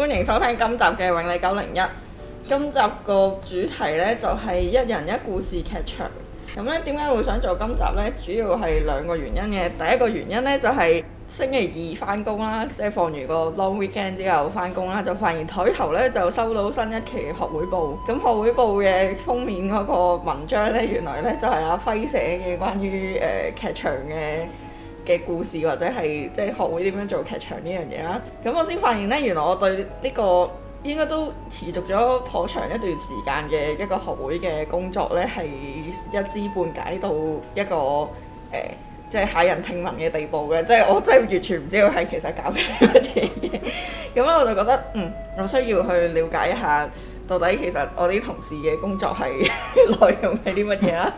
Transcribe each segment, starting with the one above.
歡迎收聽今集嘅永利九零一。今集個主題呢，就係一人一故事劇場。咁呢點解會想做今集呢？主要係兩個原因嘅。第一個原因呢，就係星期二翻工啦，即係放完個 long weekend 之後翻工啦，就發現枱頭呢，就收到新一期學會報。咁學會報嘅封面嗰個文章呢，原來呢，就係阿暉寫嘅關於誒劇場嘅。嘅故事或者係即係學會點樣做劇場呢樣嘢啦，咁我先發現咧，原來我對呢個應該都持續咗頗長一段時間嘅一個學會嘅工作咧，係一知半解到一個誒、呃、即係駭人聽聞嘅地步嘅，即係我真係完全唔知道係其實搞緊乜嘢嘅，咁咧我就覺得嗯我需要去了解一下。到底其實我啲同事嘅工作係 內容係啲乜嘢啦？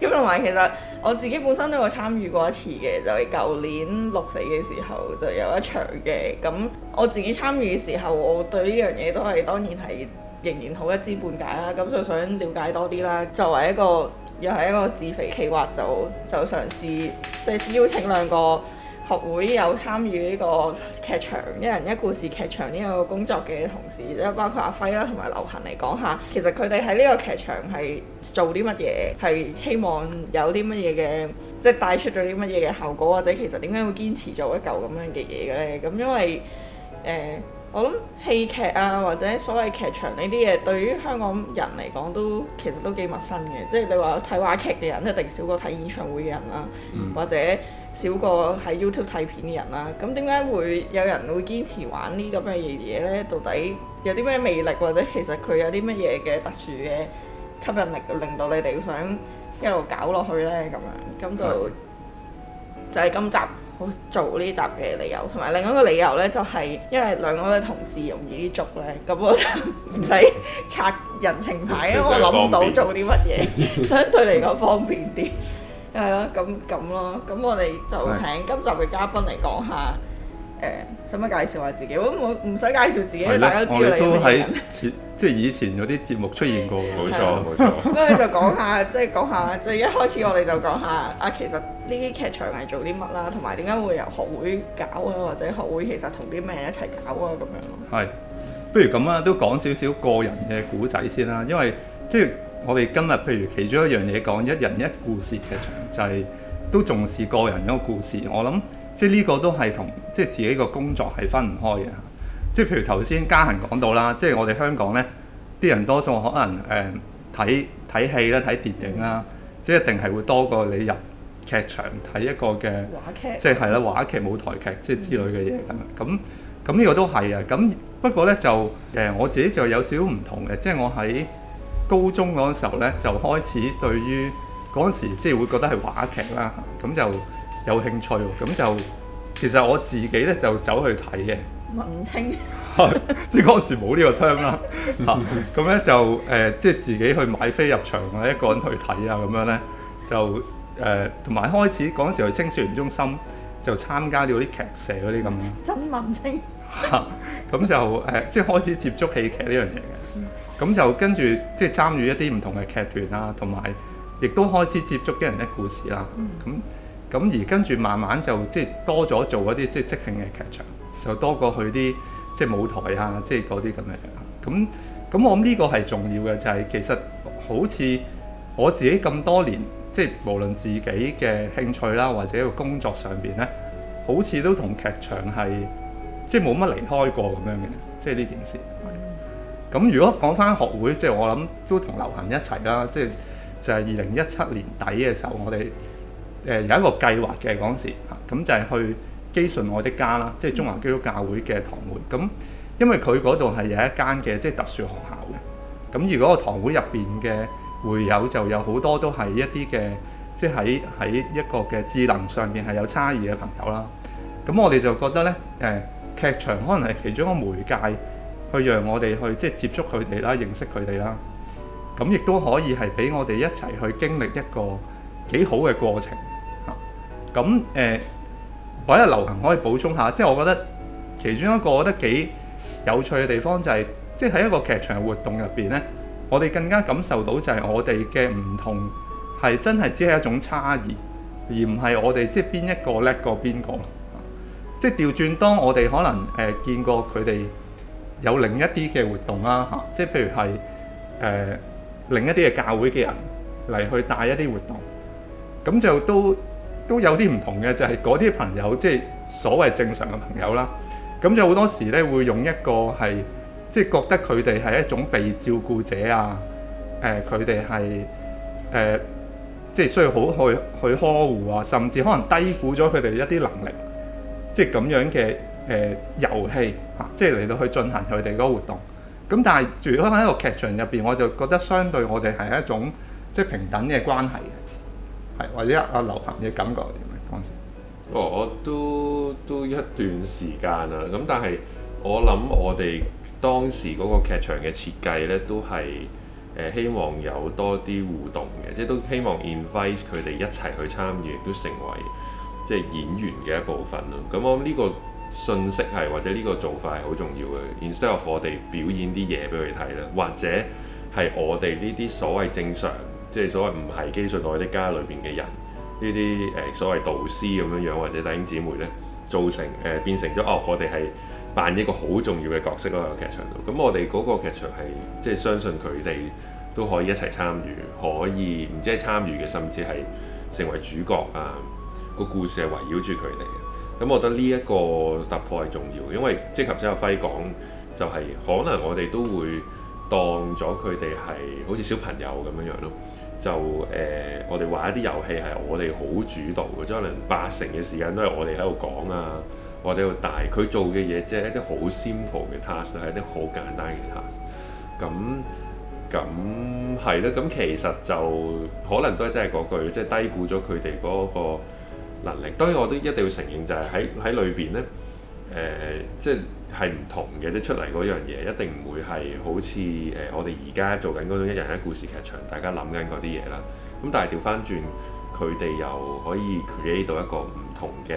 咁同埋其實我自己本身都有參與過一次嘅，就係、係、舊年六四嘅時候就有一場嘅。咁我自己參與嘅時候，我對呢樣嘢都係當然係仍然好一知半解啦。咁就想了解多啲啦。作為一個又係一個自肥企劃就，就就嘗試即係、就係、邀請兩個學會有參與呢個劇場一人一故事劇場呢個工作嘅同事，即包括阿暉啦同埋劉恒嚟講下，其實佢哋喺呢個劇場係做啲乜嘢，係希望有啲乜嘢嘅，即係帶出咗啲乜嘢嘅效果，或者其實點解會堅持做一嚿咁樣嘅嘢嘅咧？咁因為誒、呃，我諗戲劇啊或者所謂劇場呢啲嘢，對於香港人嚟講都其實都幾陌生嘅，即係你話睇話劇嘅人一定少過睇演唱會嘅人啦，嗯、或者。少過喺 YouTube 睇片嘅人啦，咁點解會有人會堅持玩呢咁嘅嘢咧？到底有啲咩魅力，或者其實佢有啲乜嘢嘅特殊嘅吸引力，令到你哋想一路搞落去咧咁樣？咁就就係今集好做呢集嘅理由，同埋另一個理由咧，就係因為兩個嘅同事容易啲捉咧，咁我就唔使拆人情牌，因為我諗唔到做啲乜嘢，相對嚟講方便啲。係、 嗯、咯，咁咁咯，咁我哋就請今集嘅嘉賓嚟講下，誒使乜介紹下自己？我都冇唔使介紹自己，大家知道都知你都喺即係以前有啲節目出現過，冇錯冇錯。咁啊、嗯， 嗯、就講下，即係講下，即、就、係、是、一開始我哋就講下啊，其實呢啲劇場係做啲乜啦，同埋點解會由學會搞啊，或者學會其實同啲咩人一齊搞啊，咁樣咯。係，不如咁啊，都講少少個人嘅古仔先啦，因為即係。我哋今日譬如其中一樣嘢講，一人一故事劇場就係、是、都重視個人一個故事。我諗即係呢個都係同即係自己個工作係分唔開嘅。即係譬如頭先嘉恆講到啦，即係我哋香港呢啲人多數可能誒睇睇戲啦、睇、呃、電影啦、啊，即一定係會多過你入劇場睇一個嘅話劇、啊，即係係啦，話劇舞台劇即係之類嘅嘢咁。咁呢個都係啊。咁不過呢，就誒、呃、我自己就有少少唔同嘅，即係我喺。高中嗰陣時候咧，就開始對於嗰陣時即係會覺得係話劇啦，咁就有興趣，咁就其實我自己咧就走去睇嘅。文青。即係嗰陣時冇呢個 term 啦，咁咧、 啊、就誒即係自己去買飛入場啊，一個人去睇啊，咁樣咧就誒同埋開始嗰陣時去青少年中心就參加咗啲劇社嗰啲咁。真文青。嚇、 啊，咁就誒即係開始接觸戲劇呢樣嘢嘅。 嗯咁就跟住即係參與一啲唔同嘅劇團啦、啊，同埋亦都開始接觸一人一故事啦、啊。咁咁、嗯、而跟住慢慢就，就即係多咗做嗰啲即係即，即，即，即興嘅劇場，就多過去啲即係舞台啊，即係嗰啲咁樣樣。咁咁我諗呢個係重要嘅，就係其實好似我自己咁多年，即、就、係、是、無論自己嘅興趣啦，或者個工作上邊咧，好似都同劇場係即係冇乜離開過咁樣嘅，即係呢件事。咁如果講翻學會，即係我諗都同劉恒一齊啦，即係就係二零一七年底嘅時候，我哋誒有一個計劃嘅陣時，咁就係去基順愛的家啦，即係中華基督教會嘅堂會。咁因為佢嗰度係有一間嘅即係特殊學校嘅，咁如果個堂會入邊嘅會友就有好多都係一啲嘅即係喺喺一個嘅智能上邊係有差異嘅朋友啦。咁我哋就覺得呢誒劇場可能係其中一個媒介。去讓我哋去即係接觸佢哋啦，認識佢哋啦。咁亦都可以係俾我哋一齊去經歷一個幾好嘅過程。咁誒、呃，或者劉恒可以補充下，即係我覺得其中一個我覺得幾有趣嘅地方就係、是，即係喺一個劇場活動入邊呢，我哋更加感受到就係我哋嘅唔同係真係只係一種差異，而唔係我哋即係邊一個叻過邊個。即係調轉，當我哋可能誒見過佢哋。有另一啲嘅活動啦嚇，即係譬如係誒、呃、另一啲嘅教會嘅人嚟去帶一啲活動，咁就都都有啲唔同嘅，就係嗰啲朋友即係所謂正常嘅朋友啦，咁就好多時咧會用一個係即係覺得佢哋係一種被照顧者啊，誒佢哋係誒即係需要好去去呵護啊，甚至可能低估咗佢哋一啲能力，即係咁樣嘅。誒、呃、遊戲嚇、啊，即係嚟到去進行佢哋嗰個活動。咁、嗯、但係住喺一個劇場入邊，我就覺得相對我哋係一種即係平等嘅關係嘅。係或者阿劉恒嘅感覺點咧？當時？哦，我都都一段時間啦。咁但係我諗我哋當時嗰個劇場嘅設計咧，都係誒希望有多啲互動嘅，即係都希望 invite 佢哋一齊去參與，亦都成為即係、就是、演員嘅一部分咯。咁我諗呢、這個。信息係或者呢個做法係好重要嘅，instead of 我哋表演啲嘢俾佢睇啦，或者係我哋呢啲所謂正常，即係所謂唔係基信內的家裏邊嘅人，呢啲誒所謂導師咁樣樣或者弟兄姊妹咧，造成誒、呃、變成咗哦，我哋係扮演一個好重要嘅角色咯，喺個劇場度。咁我哋嗰個劇場係即係相信佢哋都可以一齊參與，可以唔止係參與嘅，甚至係成為主角啊，個故事係圍繞住佢哋。咁、嗯、我覺得呢一個突破係重要，因為即係頭先阿輝講，就係、是、可能我哋都會當咗佢哋係好似小朋友咁樣樣咯。就誒、呃，我哋玩一啲遊戲係我哋好主導嘅，即可能八成嘅時間都係我哋喺度講啊，我哋喺度帶佢做嘅嘢，即係一啲好 simple 嘅 task，係一啲好簡單嘅 task。咁咁係咯，咁其實就可能都係真係嗰句，即、就、係、是、低估咗佢哋嗰個。能力，當然我都一定要承認就，就係喺喺裏邊咧，誒、呃，即係係唔同嘅，即係出嚟嗰樣嘢一定唔會係好似誒、呃、我哋而家做緊嗰種一人一故事劇場，大家諗緊嗰啲嘢啦。咁但係調翻轉，佢哋又可以 create 到一個唔同嘅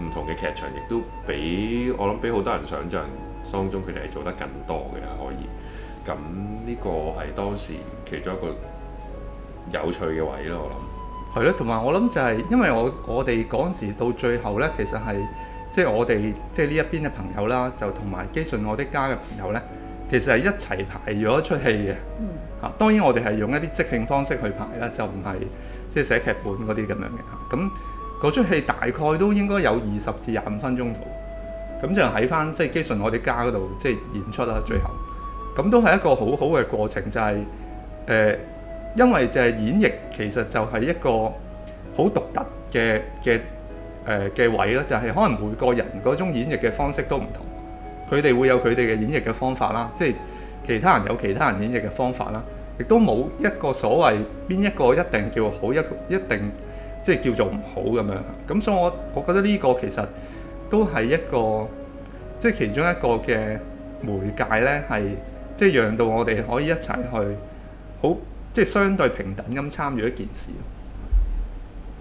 唔同嘅劇場，亦都比我諗比好多人想像當中，佢哋係做得更多嘅可以。咁呢個係當時其中一個有趣嘅位咯，我諗。係咯，同埋我諗就係，因為我我哋嗰陣時到最後呢，其實係即係我哋即係呢一邊嘅朋友啦，就同埋基順我的家嘅朋友呢，其實係一齊排咗一出戲嘅。嗯。嚇，當然我哋係用一啲即興方式去排啦，就唔係即係寫劇本嗰啲咁樣嘅。咁嗰出戲大概都應該有二十至廿五分鐘度，咁就喺翻即係基順我的家嗰度即係演出啦。最後，咁都係一個好好嘅過程，就係、是、誒。呃因為就係演繹，其實就係一個好獨特嘅嘅誒嘅位咯，就係可能每個人嗰種演繹嘅方式都唔同，佢哋會有佢哋嘅演繹嘅方法啦，即係其他人有其他人演繹嘅方法啦，亦都冇一個所謂邊一個一定叫好，一一定即係叫做唔好咁樣。咁所以我我覺得呢個其實都係一個即係其中一個嘅媒介咧，係即係讓到我哋可以一齊去好。即係相對平等咁參與一件事。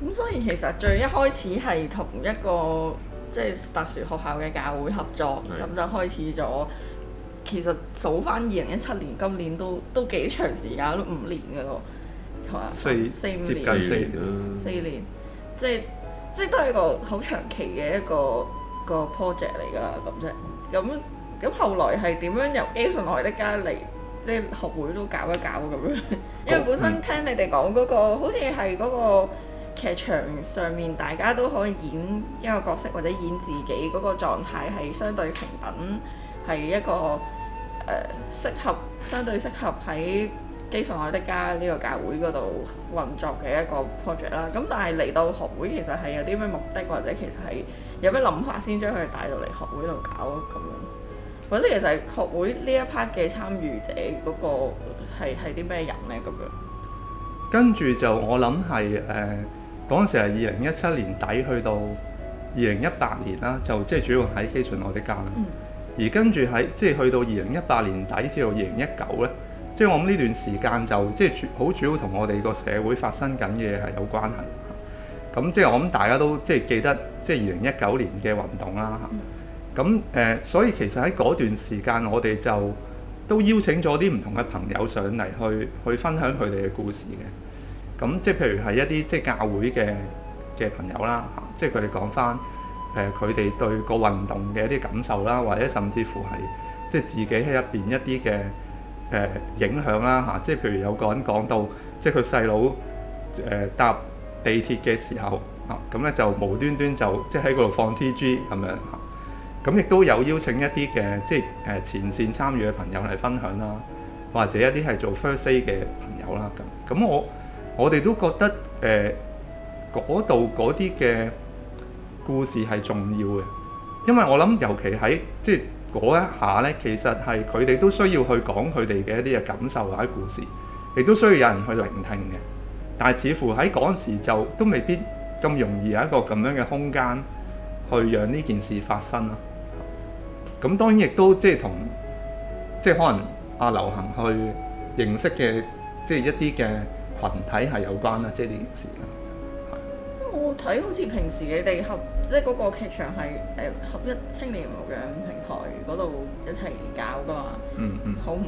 咁所以其實最一開始係同一個即係特殊學校嘅教會合作，咁是就開始咗。其實數返二零一七年，今年都都幾長時間，都五年㗎咯，係啊，四四五年，四年，四年，即係即係都係一個好長期嘅一個一個 project 嚟㗎啦。咁啫、就是，咁咁後來係點樣由 a s 基信來的加嚟？即係學會都搞一搞咁樣，因為本身聽你哋講嗰個，好似係嗰個劇場上面，大家都可以演一個角色或者演自己嗰個狀態，係相對平等，係一個誒、呃、適合相對適合喺基信愛的家呢個教會嗰度運作嘅一個 project 啦。咁但係嚟到學會其實係有啲咩目的，或者其實係有咩諗法先將佢哋帶到嚟學會度搞咁樣？或者其實係學會一、那個、呢一 part 嘅參與者嗰個係係啲咩人咧咁樣？跟住就我諗係誒嗰陣時係二零一七年底去到二零一八年啦，就即係主要喺基信愛的家啦。嗯、而跟住喺即係去到二零一八年底至到二零一九咧，即係我諗呢段時間就即係好主，主要同我哋個社會發生緊嘅係有關係。咁即係我諗大家都即係記得即係二零一九年嘅運動啦。嗯咁誒、呃，所以其實喺嗰段時間，我哋就都邀請咗啲唔同嘅朋友上嚟去去分享佢哋嘅故事嘅。咁即係譬如係一啲即係教會嘅嘅朋友啦，即係佢哋講返誒佢哋對個運動嘅一啲感受啦，或者甚至乎係即係自己喺入邊一啲嘅誒影響啦吓。即係譬如有個人講到，即係佢細佬誒搭地鐵嘅時候啊，咁咧就無端端就即係喺嗰度放 TG 咁樣。咁亦都有邀請一啲嘅，即係誒前線參與嘅朋友嚟分享啦，或者一啲係做 first day 嘅朋友啦。咁咁我我哋都覺得誒嗰度嗰啲嘅故事係重要嘅，因為我諗尤其喺即係嗰一下咧，其實係佢哋都需要去講佢哋嘅一啲嘅感受或者故事，亦都需要有人去聆聽嘅。但係似乎喺嗰陣時就都未必咁容易有一個咁樣嘅空間去讓呢件事發生啊～咁當然亦都即係同即係可能阿流行去認識嘅即係一啲嘅群體係有關啦，即係呢件事啦。係。我睇好似平時你哋合即係嗰個劇場係合一青年牧養平台嗰度一齊搞㗎嘛。嗯嗯。嗯好唔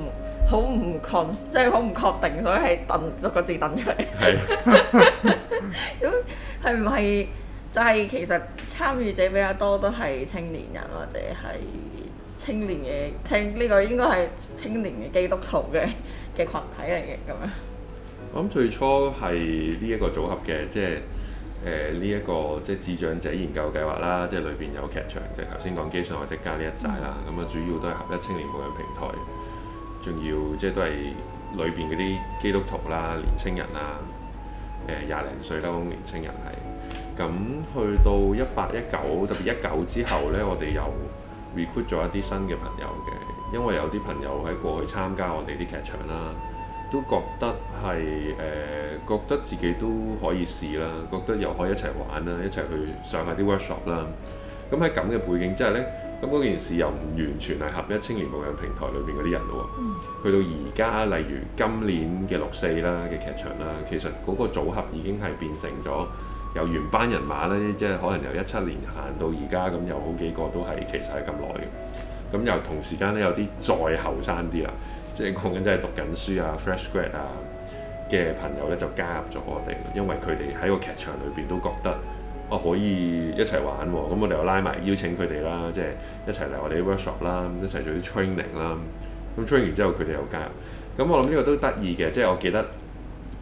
好唔確即係好唔確定，所以係揼六個字揼出嚟。係是。咁係唔係？就係其實參與者比較多都係青年人，或者係青年嘅聽，呢個應該係青年嘅基督徒嘅嘅羣體嚟嘅咁樣。我諗最初係呢一個組合嘅，即係誒呢一個即係智障者研究計劃啦，即係裏邊有劇場，就頭先講基信或者加呢一仔啦，咁啊、嗯、主要都係合一青年無人平台，仲要即係都係裏邊嗰啲基督徒啦、年青人啦，誒廿零歲啦，咁年青人係。咁去到一八一九，特別一九之後呢，我哋又 recruit 咗一啲新嘅朋友嘅，因為有啲朋友喺過去參加我哋啲劇場啦，都覺得係誒、呃，覺得自己都可以試啦，覺得又可以一齊玩啦，一齊去上下啲 workshop 啦。咁喺咁嘅背景之下呢，咁嗰件事又唔完全係合一青年牧養平台裏面嗰啲人咯。嗯。去到而家，例如今年嘅六四啦嘅劇場啦，其實嗰個組合已經係變成咗。由原班人馬咧，即係可能由一七年行到而家咁，有好幾個都係其實係咁耐嘅。咁、嗯、又同時間咧，有啲再後生啲啦，即係講緊真係讀緊書啊、fresh grad 啊嘅朋友咧，就加入咗我哋。因為佢哋喺個劇場裏邊都覺得，哦、啊、可以一齊玩喎、啊。咁、嗯、我哋又拉埋邀請佢哋啦，即係一齊嚟我哋啲 workshop 啦，一齊做啲 training 啦。咁、嗯、training 完之後，佢哋又加入。咁、嗯、我諗呢個都得意嘅，即係我記得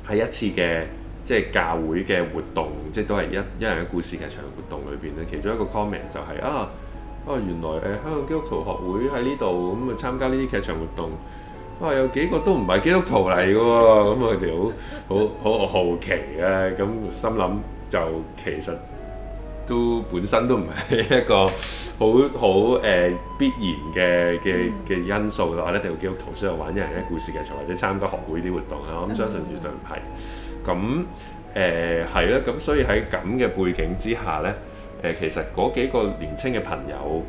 喺一次嘅。即係教會嘅活動，即係都係一一人一故事劇場活動裏邊咧。其中一個 comment 就係、是、啊，哦、啊、原來誒香港基督徒學會喺呢度咁啊參加呢啲劇場活動，哇、啊啊、有幾個都唔係基督徒嚟㗎喎，咁佢哋好好好好奇啊。咁心諗就其實都本身都唔係一個好好誒必然嘅嘅嘅因素咯，我一定要基督徒先去玩一人一故事劇場或者參加學會啲活動嚇，我、啊、咁、嗯、相信絕對唔係。咁誒係啦，咁、呃、所以喺咁嘅背景之下咧，誒、呃、其實嗰幾個年青嘅朋友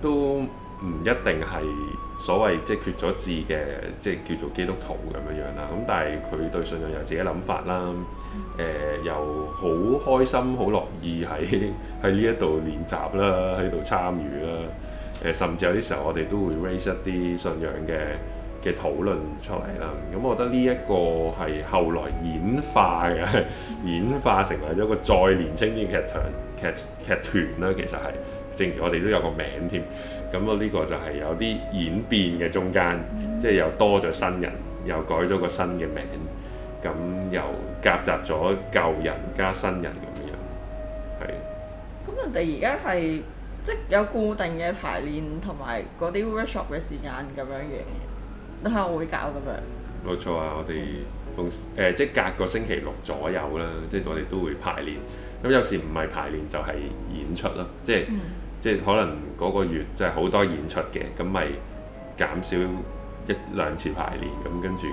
都唔一定係所謂即係決咗志嘅，即係叫做基督徒咁樣樣啦。咁但係佢對信仰有自己諗法啦，誒、呃、又好開心好樂意喺喺呢一度練習啦，喺度參與啦，誒、呃、甚至有啲時候我哋都會 raise 一啲信仰嘅嘅討論出嚟啦，咁我覺得呢一個係後來演化嘅， 演化成為咗個再年青嘅劇團劇劇團啦。其實係，正如我哋都有個名添。咁啊，呢個就係有啲演變嘅中間，嗯、即係又多咗新人，又改咗個新嘅名，咁又夾雜咗舊人加新人咁樣，係。咁人哋而家係即係有固定嘅排練同埋嗰啲 workshop 嘅時間咁樣嘅。等下我會搞。咁樣。冇錯啊！我哋逢誒即係隔個星期六左右啦，即係我哋都會排練。咁有時唔係排練就係、是、演出咯，即係、嗯、即係可能嗰個月即係好多演出嘅，咁咪減少一兩次排練，咁跟住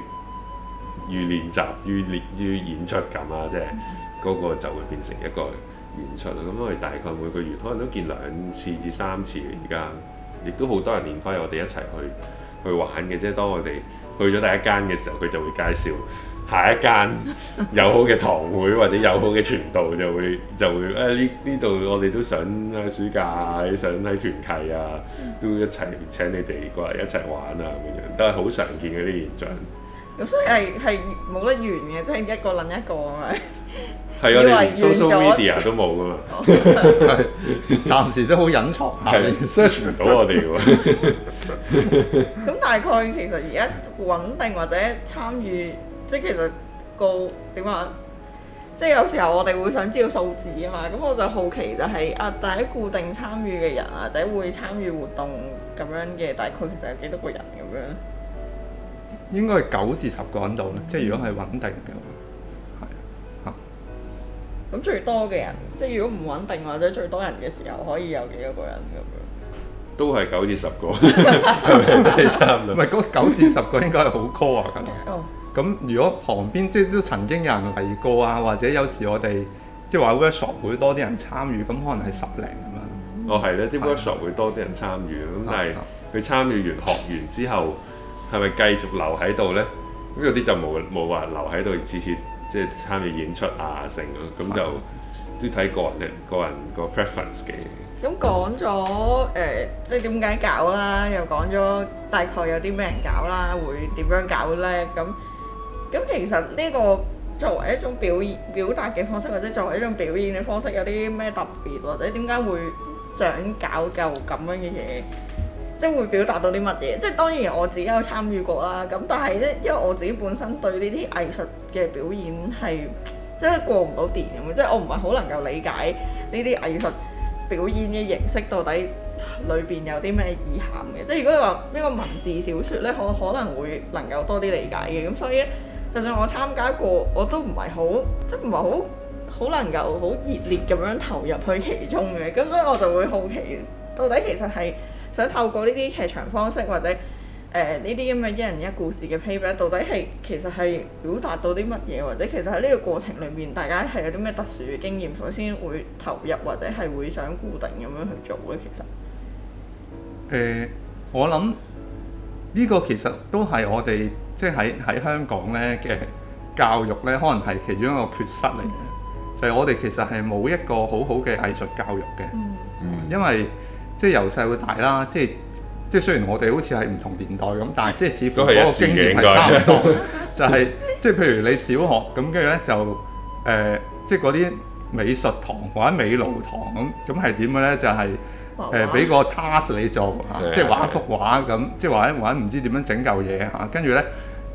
愈練習愈練愈演出咁啊！即係嗰、嗯、個就會變成一個演出咯。咁我哋大概每個月可能都見兩次至三次，而家亦都好多人練返我哋一齊去。去玩嘅，即係當我哋去咗第一間嘅時候，佢就會介紹下一間有好嘅堂會或者有好嘅傳道就，就會就會誒呢呢度我哋都想喺暑假想喺團契啊，都一齊請你哋過嚟一齊玩啊咁樣，都係好常見嗰啲現象。咁所以係係冇得完嘅，即、就、係、是、一個撚一個啊是、so so、嘛。係啊，你連 social media 都冇噶嘛？係，暫時都好隱藏，連 search 唔到我哋喎。 大概其實而家穩定或者參與，即係其實個點話，即係有時候我哋會想知道數字啊嘛。咁我就好奇就係大家固定參與嘅人，或者會參與活動咁樣嘅大概其實有幾多個人咁樣？應該係九至十個人度，啦、嗯，即係如果係穩定嘅話。係咁、啊、最多嘅人，即係如果唔穩定或者最多人嘅時候，可以有幾多個人咁樣？都係九至十個，係咪都係差唔多？唔係嗰九至十個應該係好 core 啊，咁如果旁邊即係都曾經有人嚟過啊，或者有時我哋即係話 workshop 會多啲人參與，咁可能係十零咁樣。嗯、哦，係咧，啲 workshop 會多啲人參與，咁的但係佢參與完的學完之後，係咪繼續留喺度咧？咁有啲就冇冇話留喺度，只係即係參與演出啊成、啊、咯、啊，咁、啊、就的都睇個人嘅個人個 preference 嘅。咁講咗誒，即係點解搞啦？又講咗大概有啲咩人搞啦，會點樣搞咧？咁咁其實呢個作為一種表表達嘅方式，或者作為一種表演嘅方式，有啲咩特別，或者點解會想搞就咁樣嘅嘢？即係會表達到啲乜嘢？即係當然我自己有參與過啦。咁但係咧，因為我自己本身對呢啲藝術嘅表演係即係過唔到電咁即係我唔係好能夠理解呢啲藝術。表演嘅形式到底裏邊有啲咩意涵嘅？即係如果你話呢個文字小説呢，我可能會能夠多啲理解嘅。咁所以，就算我參加過，我都唔係好，即係唔係好，好能夠好熱烈咁樣投入去其中嘅。咁所以我就會好奇，到底其實係想透過呢啲劇場方式或者，誒呢啲咁嘅一人一故事嘅 paper 到底係其實係表達到啲乜嘢，或者其實喺呢個過程裏面，大家係有啲咩特殊嘅經驗，首先會投入或者係會想固定咁樣去做咧。其實誒、呃，我諗呢個其實都係我哋即係喺喺香港咧嘅教育咧，可能係其中一個缺失嚟嘅，就係、是、我哋其實係冇一個好好嘅藝術教育嘅，嗯嗯、因為即係由細到大啦，即係。即係雖然我哋好似係唔同年代咁，但係即係似乎嗰個經驗係差唔多。 就係、是、即係譬如你小學咁，跟住咧就誒、呃，即係嗰啲美術堂或者美勞堂咁，咁係點嘅咧？就係誒俾個 task 你做，啊、即係畫一幅畫咁，即係畫一畫唔知點樣整嚿嘢嚇。跟住咧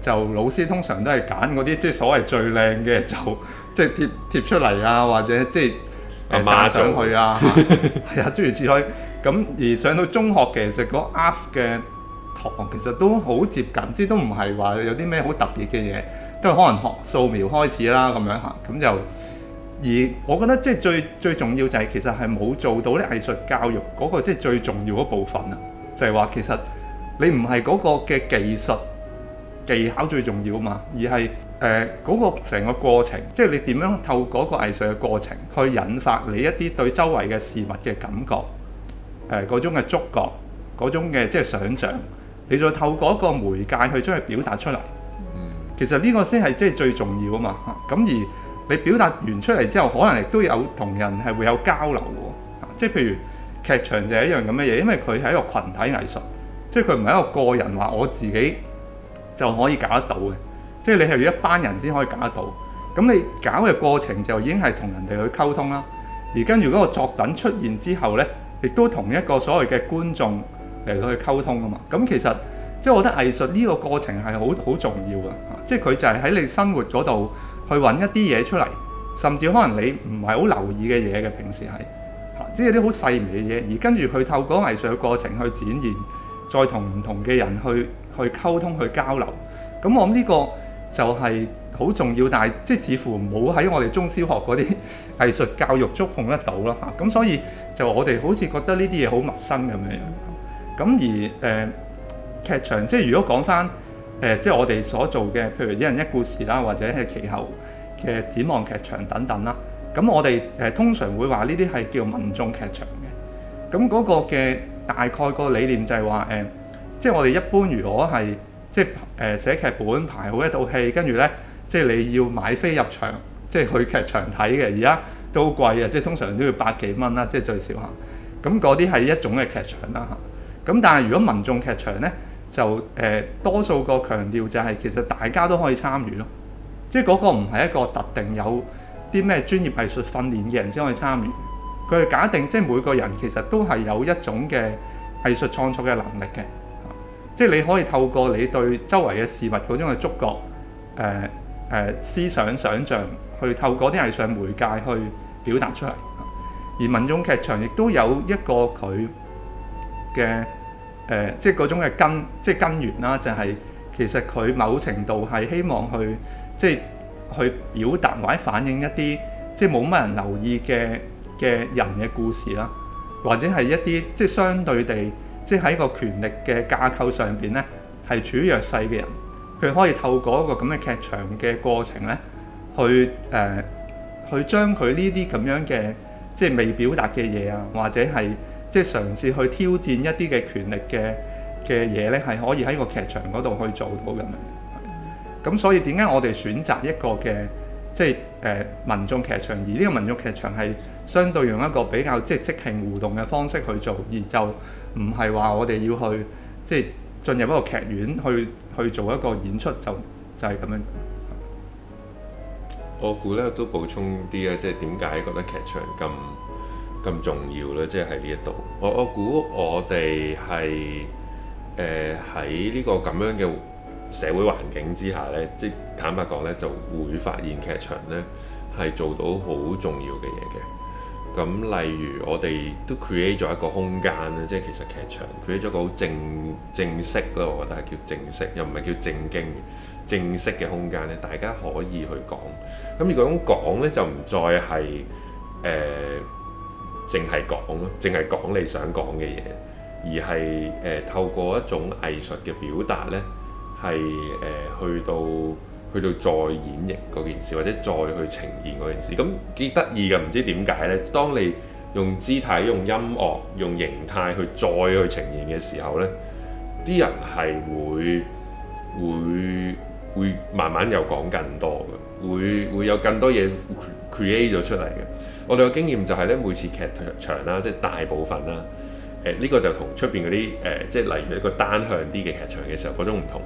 就老師通常都係揀嗰啲即係所謂最靚嘅，就即係貼貼出嚟啊，或者即係掙、呃、上去啊。係啊，諸如此類。 咁而上到中學，其實嗰 Art 嘅堂其實都好接近，即係都唔係話有啲咩好特別嘅嘢，都係可能學素描開始啦咁樣嚇。咁就而我覺得即係最最重要就係其實係冇做到啲藝術教育嗰個即係最重要嗰部分啊，就係話其實你唔係嗰個嘅技術技巧最重要啊嘛，而係誒嗰個成個過程，即係你點樣透過嗰個藝術嘅過程去引發你一啲對周圍嘅事物嘅感覺。誒嗰種嘅觸覺，嗰種嘅即係想像，你再透過一個媒介去將佢表達出嚟，其實呢個先係即係最重要啊嘛。咁、啊、而你表達完出嚟之後，可能亦都有同人係會有交流喎、啊啊。即係譬如劇場就係一樣咁嘅嘢，因為佢係一個群體藝術，即係佢唔係一個個人話我自己就可以搞得到嘅，即係你係要一班人先可以搞得到。咁、啊、你搞嘅過程就已經係同人哋去溝通啦。而跟住嗰個作品出現之後呢，亦都同一個所謂嘅觀眾嚟到去溝通啊嘛，咁、嗯、其實即係我覺得藝術呢個過程係好好重要㗎、啊，即係佢就係喺你生活嗰度去揾一啲嘢出嚟，甚至可能你唔係好留意嘅嘢嘅，平時係、啊、即係啲好細微嘅嘢，而跟住佢透過藝術嘅過程去展現，再同唔同嘅人去去溝通去交流，咁、嗯、我諗呢個就係、是。好重要，但係即係似乎唔好喺我哋中小學嗰啲藝術教育觸碰得到咯嚇。咁、啊、所以就我哋好似覺得呢啲嘢好陌生咁樣。咁而誒、呃、劇場，即係如果講翻誒，即係我哋所做嘅，譬如一人一故事啦，或者係其後嘅展望劇場等等啦。咁我哋誒、呃、通常會話呢啲係叫民眾劇場嘅。咁嗰個嘅大概個理念就係話誒，即係我哋一般如果係即係誒、呃、寫劇本排好一套戲，跟住咧。即係你要買飛入場，即係去劇場睇嘅，而家都貴啊！即係通常都要百幾蚊啦，即係最少嚇。咁嗰啲係一種嘅劇場啦嚇。咁但係如果民眾劇場呢，就誒、呃、多數個強調就係其實大家都可以參與咯。即係嗰個唔係一個特定有啲咩專業藝術訓練嘅人先可以參與。佢係假定即係每個人其實都係有一種嘅藝術創作嘅能力嘅。即係你可以透過你對周圍嘅事物嗰種嘅觸覺誒。呃誒思想想像，去透過啲藝術媒介去表達出嚟。而民眾劇場亦都有一個佢嘅誒，即係嗰種嘅根，即係根源啦，就係、是、其實佢某程度係希望去，即係去表達或者反映一啲即係冇乜人留意嘅嘅人嘅故事啦，或者係一啲即係相對地，即係喺個權力嘅架構上邊咧，係處於弱勢嘅人。佢可以透過一個咁嘅劇場嘅過程咧，去誒、呃、去將佢呢啲咁樣嘅，即係未表達嘅嘢啊，或者係即係嘗試去挑戰一啲嘅權力嘅嘅嘢咧，係可以喺個劇場嗰度去做到咁樣。咁、嗯、所以點解我哋選擇一個嘅，即係誒、呃、民眾劇場，而呢個民眾劇場係相對用一個比較即係即興互動嘅方式去做，而就唔係話我哋要去即係。進入一個劇院去去做一個演出，就就係咁樣。我估咧都補充啲啊，即係點解覺得劇場咁咁重要咧？即係喺呢一度，我我估我哋係誒喺呢個咁樣嘅社會環境之下咧，即係坦白講咧，就會發現劇場咧係做到好重要嘅嘢嘅。咁例如我哋都 create 咗一個空間咧，即係其實劇場 create 咗個好正正式咯，我覺得係叫正式，又唔係叫正經正式嘅空間咧，大家可以去講。咁如果講咧就唔再係誒淨係講咯，淨係講你想講嘅嘢，而係誒、呃、透過一種藝術嘅表達咧，係誒、呃、去到。去到再演繹嗰件事，或者再去呈現嗰件事，咁幾得意嘅，唔知點解呢？當你用肢體、用音樂、用形態去再去呈現嘅時候呢，啲人係會會會慢慢又講更多，會會有更多嘢 create 咗出嚟嘅。我哋嘅經驗就係呢：每次劇場啦，即係大部分啦，誒呢個就同出邊嗰啲誒，即係例如一個單向啲嘅劇場嘅時候嗰種唔同。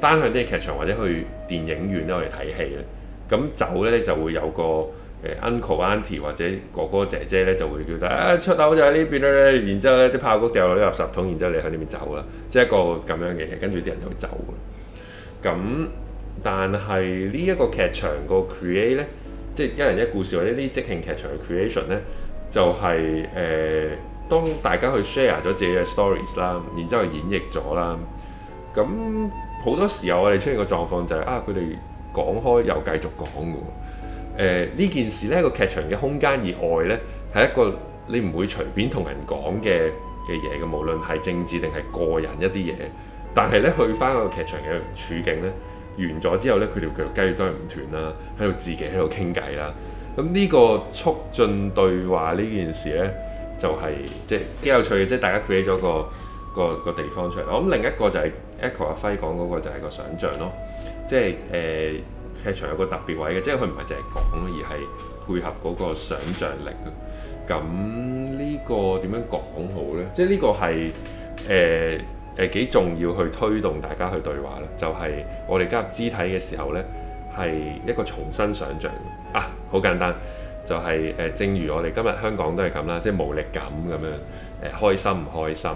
單去啲劇場或者去電影院咧嚟睇戲咧，咁走咧就會有個誒、呃、uncle auntie 或者哥哥姐姐咧就會叫佢啊出口就喺呢邊啦，然之後咧啲炮谷掉落啲垃圾桶，然之後你喺呢邊走啦，即係一個咁樣嘅嘢，跟住啲人就會走啦。咁但係、這個、呢一個劇場個 create 咧，即係一人一故事或者啲即興劇場嘅 creation 咧，就係、是、誒、呃、當大家去 share 咗自己嘅 stories 啦，然之後演繹咗啦，咁。好多時候我哋出現個狀況就係、是、啊，佢哋講開又繼續講嘅喎。呢、呃、件事呢，個劇場嘅空間以外呢，係一個你唔會隨便同人講嘅嘅嘢嘅，無論係政治定係個人一啲嘢。但係呢，去翻個劇場嘅處境呢，完咗之後呢，佢條腳雞都係唔斷啦，喺度自己喺度傾偈啦。咁呢個促進對話呢件事呢，就係、是、即係幾有趣嘅，即係大家企 r 咗個個,個,個地方出嚟。咁另一個就係、是。Echo 阿輝講嗰個就係個想像咯，即係誒、呃、劇場有個特別位嘅，即係佢唔係淨係講，而係配合嗰個想像力。咁呢個點樣講好咧？即係呢個係誒誒幾重要去推動大家去對話咯。就係、是、我哋加入肢體嘅時候咧，係一個重新想像啊，好簡單，就係誒，正如我哋今日香港都係咁啦，即、就、係、是、無力感咁樣誒、呃，開心唔開心誒、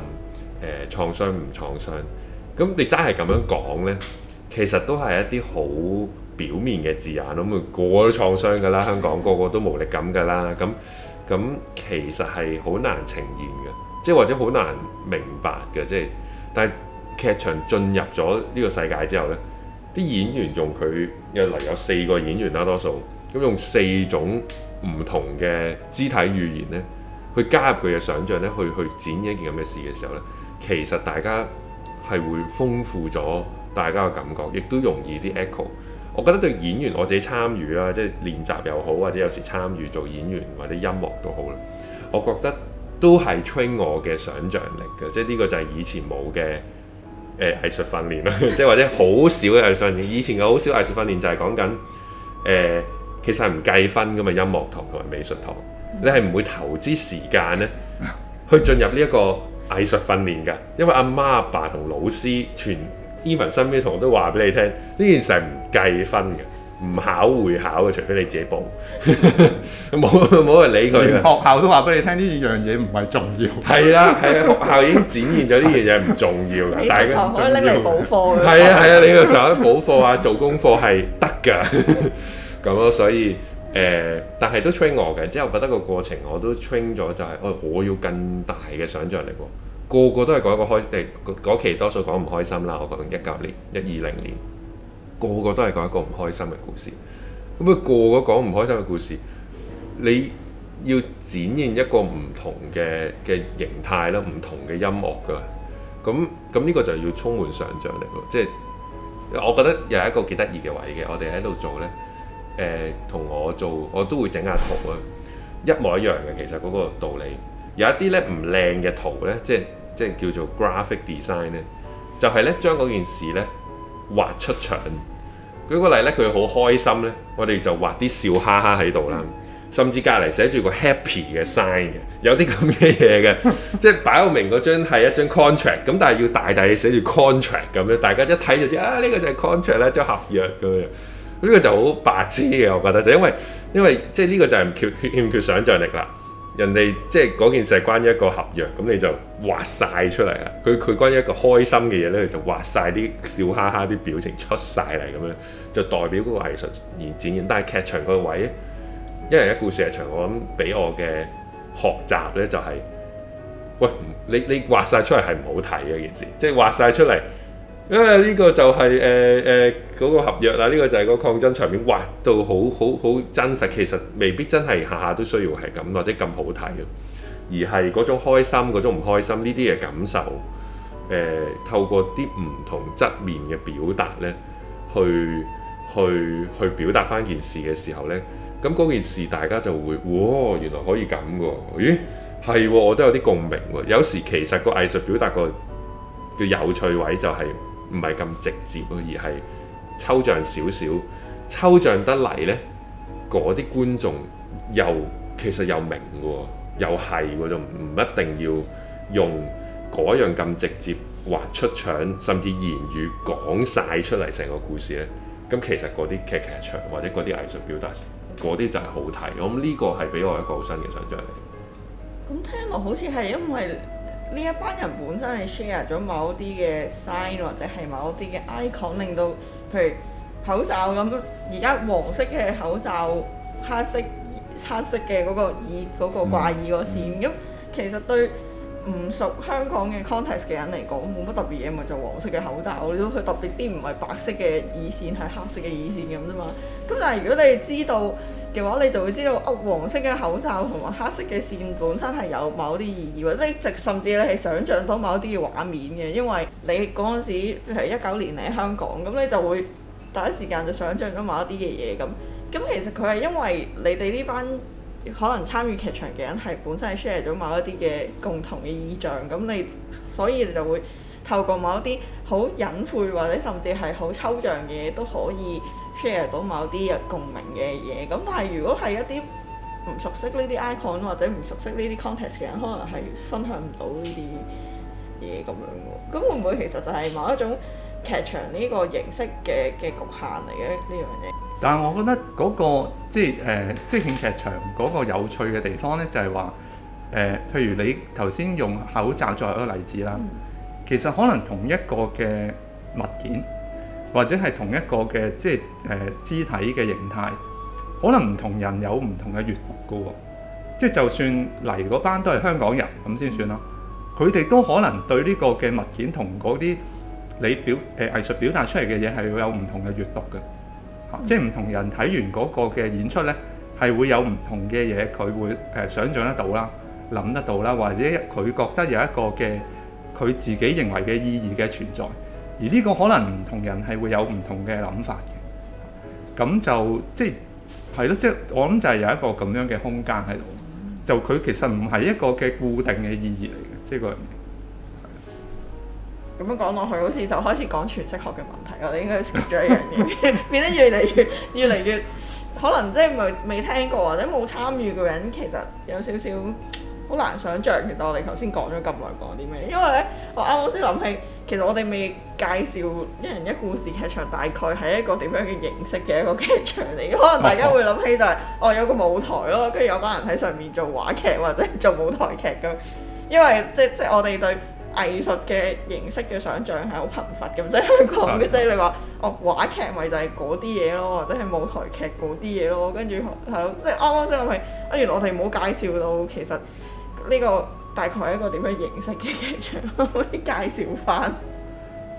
呃，創傷唔創傷。咁你真係咁樣講呢？其實都係一啲好表面嘅字眼。咁、咪個個都創傷㗎啦，香港個個都無力感㗎啦。咁咁其實係好難呈現嘅，即係或者好難明白嘅。即係，但係劇場進入咗呢個世界之後呢，啲演員用佢例如有四個演員啦，多數咁用四種唔同嘅肢體語言呢，去加入佢嘅想像呢，去去展現一件咁嘅事嘅時候呢，其實大家，係會豐富咗大家嘅感覺，亦都容易啲 echo。我覺得對演員我自己參與啦，即係練習又好，或者有時參與做演員或者音樂都好啦。我覺得都係 train 我嘅想像力㗎，即係呢個就係以前冇嘅誒藝術訓練啦，即係或者好少嘅藝術訓練。以前嘅好少藝術訓練就係講緊誒，其實係唔計分㗎嘛，音樂堂同埋美術堂，你係唔會投資時間咧去進入呢一個藝術訓練㗎，因為阿媽阿爸同老師，全 e v e n 身邊同學都話俾你聽，呢件事係唔計分嘅，唔考會考嘅，除非你自己報，冇冇去理佢。連學校都話俾你聽，呢樣嘢唔係重要。係 啊係啊，學校已經展現咗呢樣嘢唔重要啦。但上堂可以拎嚟補課㗎。係 啊係啊，你度上堂補課啊做功課係得㗎，咁 咯，所以。誒、呃，但係都 train 我嘅，之後覺得個過程我都 train 咗、就是，就係，哦，我要更大嘅想像力喎。個個都係講一個開，誒，嗰嗰期多數講唔開心啦，我講緊一九年、一二零年，個個都係講一個唔開心嘅故事。咁、那、佢個個講唔開心嘅故事，你要展現一個唔同嘅嘅形態啦，唔同嘅音樂㗎。咁咁呢個就要充滿想像力咯，即係我覺得又係一個幾得意嘅位嘅，我哋喺度做咧。誒同、呃、我做，我都會整下圖啊，一模一樣嘅其實嗰個道理。有一啲咧唔靚嘅圖咧，即係即係叫做 graphic design 咧，就係咧將嗰件事咧畫出場。舉個例咧，佢好開心咧，我哋就畫啲笑哈哈喺度啦，甚至隔籬寫住個 happy 嘅 sign 嘅，有啲咁嘅嘢嘅，即擺到明嗰張係一張 contract，咁但係要大大寫住 contract 咁樣，大家一睇就知啊呢、呢個就係 contract 啦，張合約咁樣。呢個就好白痴嘅，我覺得就因為因為即係呢個就係欠缺想象力啦。人哋即係嗰件事係關於一個合約，咁你就畫晒出嚟啦。佢佢關於一個開心嘅嘢咧，就畫晒啲笑哈哈啲表情出晒嚟咁樣，就代表嗰個藝術而展現。但係劇場個位，一人一故事劇場我諗俾我嘅學習咧，就係、是、喂，你你畫晒出嚟係唔好睇嘅件事，即係畫晒出嚟。啊！呢、這個就係誒誒嗰個合約啦，呢、這個就係個抗爭場面，畫到好好好真實。其實未必真係下下都需要係咁或者咁好睇啊，而係嗰種開心、嗰種唔開心呢啲嘅感受，誒、呃、透過啲唔同側面嘅表達咧，去去去表達返件事嘅時候咧，咁、那、嗰、個、件事大家就會，哇！原來可以咁喎，咦係、哦、我都有啲共鳴喎、啊。有時其實個藝術表達個嘅有趣位就係、是、～唔係咁直接而係抽象少少。抽象得嚟呢，嗰啲觀眾又其實又明喎，又係喎，就唔一定要用嗰樣咁直接畫出腸，甚至言語講晒出嚟成個故事呢。咁其實嗰啲劇劇場或者嗰啲藝術表達，嗰啲就係好睇。我諗呢個係俾我一個好新嘅想像力。咁聽落好似係因為。呢一班人本身係 share 咗某一啲嘅 sign 或者係某一啲嘅 icon，令到譬如口罩咁，而家黃色嘅口罩，黑色黑色嘅嗰個耳嗰個掛耳個線，咁、嗯、其實對唔熟香港嘅 context 嘅人嚟講，冇乜特別嘢，咪就黃色嘅口罩，都佢特別啲唔係白色嘅耳線係黑色嘅耳線咁啫嘛。咁但係如果你知道。嘅話，你就會知道啊，黃色嘅口罩同埋黑色嘅線本身係有某啲意義㗎。或者你甚至你係想像到某一啲嘅畫面嘅，因為你嗰陣時譬如一九年嚟香港，咁你就會第一時間就想像到某一啲嘅嘢咁。咁其實佢係因為你哋呢班可能參與劇場嘅人係本身係 share 咗某一啲嘅共同嘅意象，咁你所以你就會透過某一啲好隱晦或者甚至係好抽象嘅嘢都可以。share 到某啲嘅共鳴嘅嘢，咁但係如果係一啲唔熟悉呢啲 icon 或者唔熟悉呢啲 context 嘅人，可能係分享唔到呢啲嘢咁樣嘅、啊。咁會唔會其實就係某一種劇場呢個形式嘅嘅局限嚟嘅呢樣嘢？但係我覺得嗰、那個即係誒，即興劇場嗰個有趣嘅地方咧，就係話誒，譬如你頭先用口罩作為一個例子啦，嗯、其實可能同一個嘅物件。或者係同一個嘅即係呃、肢體嘅形態，可能唔同人有唔同嘅閲讀嘅喎、哦，即係就算嚟嗰班都係香港人咁先算啦，佢哋都可能對呢個嘅物件同嗰啲你表誒、呃、藝術表達出嚟嘅嘢係會有唔同嘅閲讀嘅、啊，即係唔同人睇完嗰個嘅演出呢，係會有唔同嘅嘢佢會誒想像得到啦、諗得到啦，或者佢覺得有一個嘅佢自己認為嘅意義嘅存在。而呢個可能唔同人係會有唔同嘅諗法嘅，咁就即係係咯，即、就、係、係就係、我諗就係有一個咁樣嘅空間喺度，嗯、就佢其實唔係一個嘅固定嘅意義嚟嘅，即、這、係個人。咁樣講落去好似就開始講詮釋學嘅問題，我哋應該識咗一樣嘢， 變得越嚟越越嚟越 可能即係未未聽過或者冇參與嘅人，其實有少少。好難想像，其實我哋頭先講咗咁耐講啲咩？因為咧，我啱啱先諗起，其實我哋未介紹一人一故事劇場大概係一個點樣嘅形式嘅一個劇場嚟嘅。可能大家會諗起就係、是啊、哦有個舞台咯，跟住有班人喺上面做話劇或者做舞台劇咁。因為即即我哋對藝術嘅形式嘅想像係好貧乏咁，即係香港嘅，啊、即係你話哦話劇咪就係嗰啲嘢咯，或者係舞台劇嗰啲嘢咯，跟住係咯，即係啱啱先諗起，啊原來我哋冇介紹到其實。呢個大概係一個點樣形式嘅劇場？可 以介紹翻？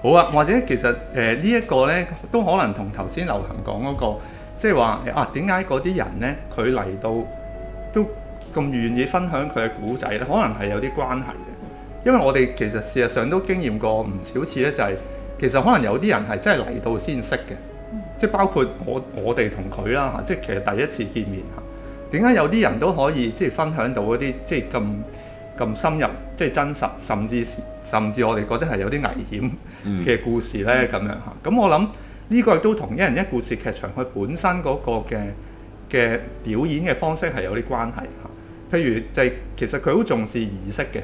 好啊，或者其實誒呢一個呢，都可能同頭先劉恒講嗰個，即係話啊點解嗰啲人呢，佢嚟到都咁願意分享佢嘅古仔咧，可能係有啲關係嘅。因為我哋其實事實上都經驗過唔少次呢就係、是、其實可能有啲人係真係嚟到先識嘅，嗯、即係包括我我哋同佢啦，即係其實第一次見面。點解有啲人都可以即係、就是、分享到嗰啲即係咁咁深入、即、就、係、是、真實，甚至甚至我哋覺得係有啲危險嘅故事咧？咁、嗯、樣嚇，咁、嗯、我諗呢個亦都同一人一故事劇場佢本身嗰個嘅嘅表演嘅方式係有啲關係嚇。譬如就係、其實佢好重視儀式嘅，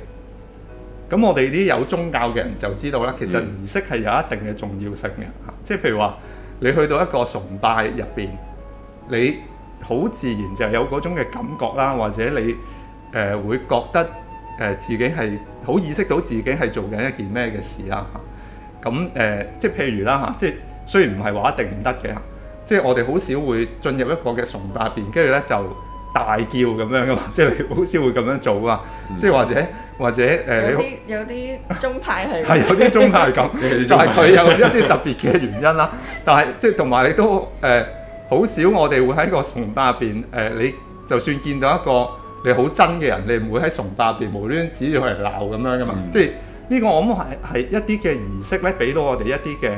咁我哋啲有宗教嘅人就知道啦。其實儀式係有一定嘅重要性嘅嚇，即係、嗯、譬如話你去到一個崇拜入邊，你。好自然就有嗰種嘅感覺啦，或者你誒、呃、會覺得誒、呃、自己係好意識到自己係做緊一件咩嘅事啦。咁、啊、誒、啊呃、即係譬如啦嚇、啊，即係雖然唔係話一定唔得嘅、啊，即係我哋好少會進入一個嘅崇拜入邊，跟住咧就大叫咁樣嘅嘛，即係好少會咁樣做啊。即係或者或者誒有啲有啲宗派係係有啲宗派咁，但係佢有一啲特別嘅原因啦。但係即係同埋你都誒。呃呃呃呃呃呃呃好少我哋會喺個崇拜入邊，誒、呃、你就算見到一個你好憎嘅人，你唔會喺崇拜入邊無端端指住佢嚟鬧咁樣噶嘛。即係呢個我諗係係一啲嘅儀式咧，俾到我哋一啲嘅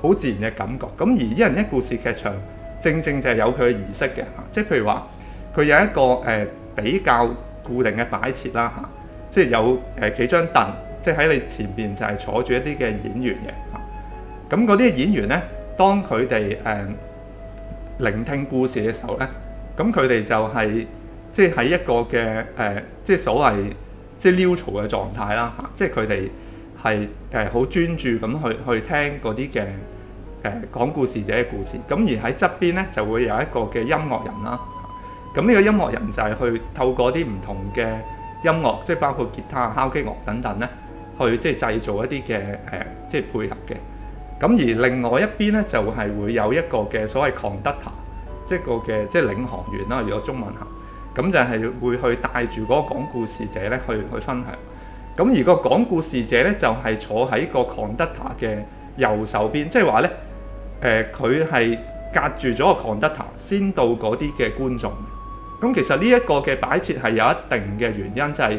好自然嘅感覺。咁而一人一故事劇場正正就係有佢嘅儀式嘅、啊，即係譬如話佢有一個誒、呃、比較固定嘅擺設啦嚇、啊，即係有誒幾張凳，即係喺你前邊就係坐住一啲嘅演員嘅。咁嗰啲演員咧，當佢哋誒。呃聆聽故事嘅時候咧，咁佢哋就係即係喺一個嘅誒，即、嗯、係、就是、所謂即係潦嘈嘅狀態啦，即係佢哋係誒好專注咁去去聽嗰啲嘅誒講故事者嘅故事。咁、啊、而喺側邊咧就會有一個嘅音樂人啦。咁呢個音樂人就係去透過啲唔同嘅音樂，即係包括吉他、敲擊樂等等咧，去即係製造一啲嘅誒即係配合嘅。咁而另外一邊咧，就係、是、會有一個嘅所謂 conductor，即係個嘅即係領航員啦，如果中文行，咁就係會去帶住嗰個講故事者咧去去分享。咁而個講故事者咧，就係、是、坐喺個 conductor 嘅右手邊，即係話咧，誒佢係隔住咗個 conductor 先到嗰啲嘅觀眾。咁其實呢一個嘅擺設係有一定嘅原因，就係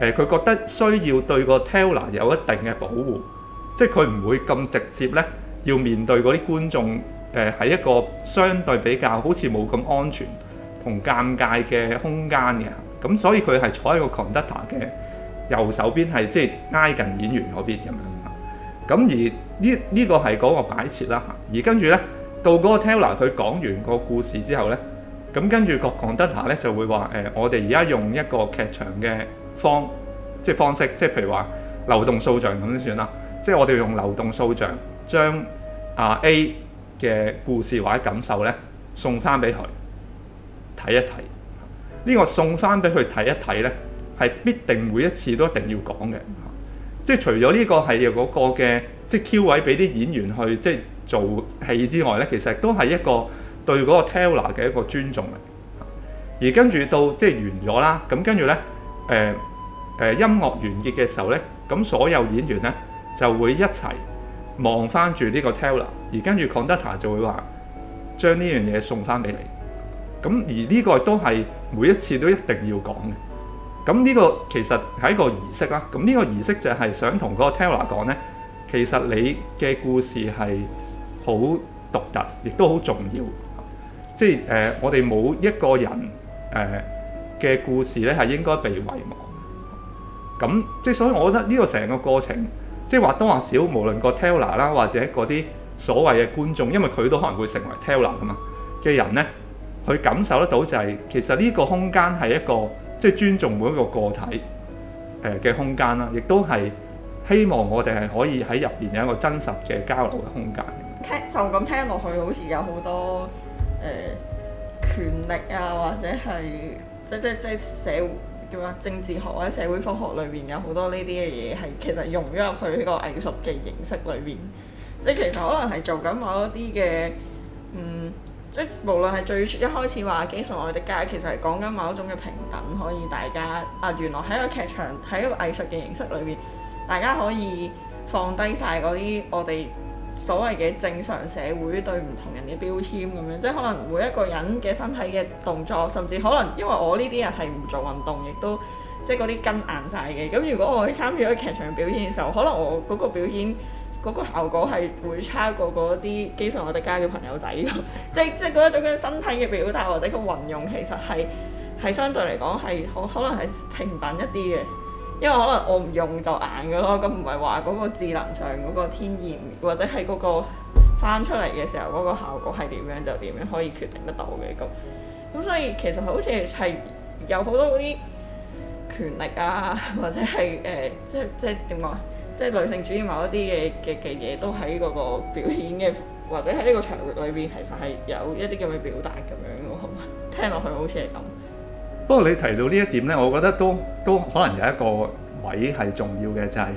誒佢覺得需要對個 teller 有一定嘅保護。即係佢唔會咁直接咧，要面對嗰啲觀眾。誒、呃、喺一個相對比較好似冇咁安全同尷尬嘅空間嘅，咁、嗯、所以佢係坐喺個 conductor 嘅右手邊，係即係挨近演員嗰邊咁樣，咁而呢呢、這個係嗰個擺設啦、嗯。而跟住咧到嗰個 teller 佢講完個故事之後咧，咁跟住個 conductor 咧就會話誒、呃，我哋而家用一個劇場嘅方即係方式，即係譬如話流動塑像咁先算啦。即係我哋用流動塑像將啊 A 嘅故事或者感受咧送翻俾佢睇一睇。呢個送翻俾佢睇一睇咧，係必定每一次都一定要講嘅。即係除咗呢個係嗰個嘅即係 Q 位俾啲演員去即係做戲之外咧，其實都係一個對嗰個 teller 嘅一個尊重嚟。而跟住到即係完咗啦，咁跟住咧誒誒音樂完結嘅時候咧，咁所有演員咧。就會一齊望翻住呢個 teller，而跟住 conductor 就會話將呢樣嘢送翻俾你。咁而呢個都係每一次都一定要講嘅。咁、這、呢個其實係一個儀式啦。咁、這、呢個儀式就係想同嗰個 teller 講：「呢其實你嘅故事係好獨特，亦都好重要。」即係我哋冇一個人嘅故事咧係應該被遺忘。咁即係所以我覺得呢個成個過程。即係話多話少，無論個 teller 啦，或者嗰啲所謂嘅觀眾，因為佢都可能會成為 teller 噶嘛嘅人咧，佢感受得到就係、是、其實呢個空間係一個即係、就是、尊重每一個個體誒嘅空間啦，亦都係希望我哋係可以喺入邊有一個真實嘅交流嘅空間。就聽就咁聽落去，好似有好多誒、呃、權力啊，或者係即係即係社會。叫做政治學或者社會科學裏面有好多呢啲嘅嘢，係其實融咗入去呢個藝術嘅形式裏面。即係其實可能係做緊某一啲嘅，嗯，即係無論係最一開始話基層愛迪街，其實係講緊某一種嘅平等，可以大家啊，原來喺個劇場，喺個藝術嘅形式裏面，大家可以放低晒嗰啲我哋。所謂嘅正常社會對唔同人嘅標籤咁樣，即係可能每一個人嘅身體嘅動作，甚至可能因為我呢啲人係唔做運動，亦都即係嗰啲筋硬晒嘅。咁如果我去參與一個劇場表演嘅時候，可能我嗰個表演嗰個效果係會差過嗰啲基層或者街嘅朋友仔咯。即係即係嗰一種嘅身體嘅表達或者個運用，其實係係相對嚟講係可可能係平等一啲嘅。因為可能我唔用就硬嘅咯，咁唔係話嗰個智能上嗰、嗰個天然，或者係嗰個生出嚟嘅時候嗰、嗰個效果係點樣就點樣可以決定得到嘅咁。咁、嗰個、所以其實好似係有好多嗰啲權力啊，或者係誒、呃，即係即係點講，即係女性主義某一啲嘅嘅嘅嘢都喺嗰個表演嘅，或者喺呢個場域裏邊，其實係有一啲咁嘅表達咁樣嘅，聽落去好似係咁。不過你提到呢一點呢，我覺得都都可能有一個位係重要嘅，就係、是、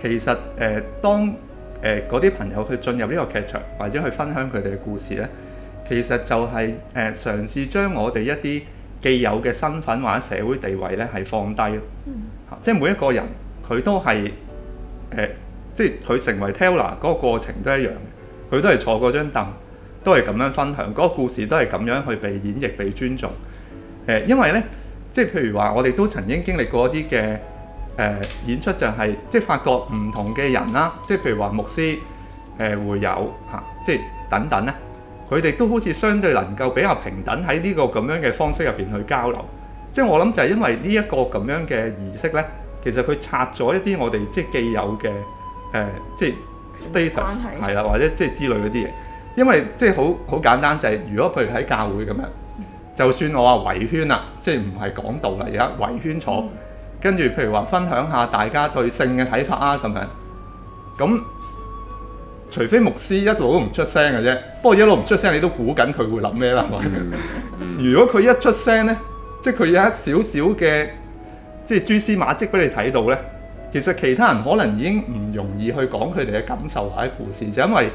其實誒、呃、當誒嗰啲朋友去進入呢個劇場或者去分享佢哋嘅故事呢，其實就係、是、誒、呃、嘗試將我哋一啲既有嘅身份或者社會地位呢係放低，嗯、即係每一個人佢都係誒、呃、即係佢成為 teller 嗰個過程都一樣，佢都係坐過張凳，都係咁樣分享嗰、那個故事，都係咁樣去被演繹、被尊重。誒，因為咧，即係譬如話，我哋都曾經經歷過一啲嘅誒演出，就係即係發覺唔同嘅人啦，即係、啊、譬如話牧師、誒、呃、會有友，嚇、啊，即係等等咧，佢哋都好似相對能夠比較平等喺呢個咁樣嘅方式入邊去交流。即係我諗就係因為呢一個咁樣嘅儀式咧，其實佢拆咗一啲我哋即係既有嘅誒、呃，即係 status 係啦是、啊，或者即係之類嗰啲嘢。因為即係好好簡單就係、是，如果譬如喺教會咁樣。就算我話圍圈啦，即係唔係講道理，而家圍圈坐，跟住譬如話分享下大家對性嘅睇法啊，咁樣，咁除非牧師一路都唔出聲嘅啫，不過一路唔出聲，你都估緊佢會諗咩啦？ 如果佢一出聲呢，即係佢有一少少嘅即係蛛絲馬跡俾你睇到呢，其實其他人可能已經唔容易去講佢哋嘅感受或者故事，就因為。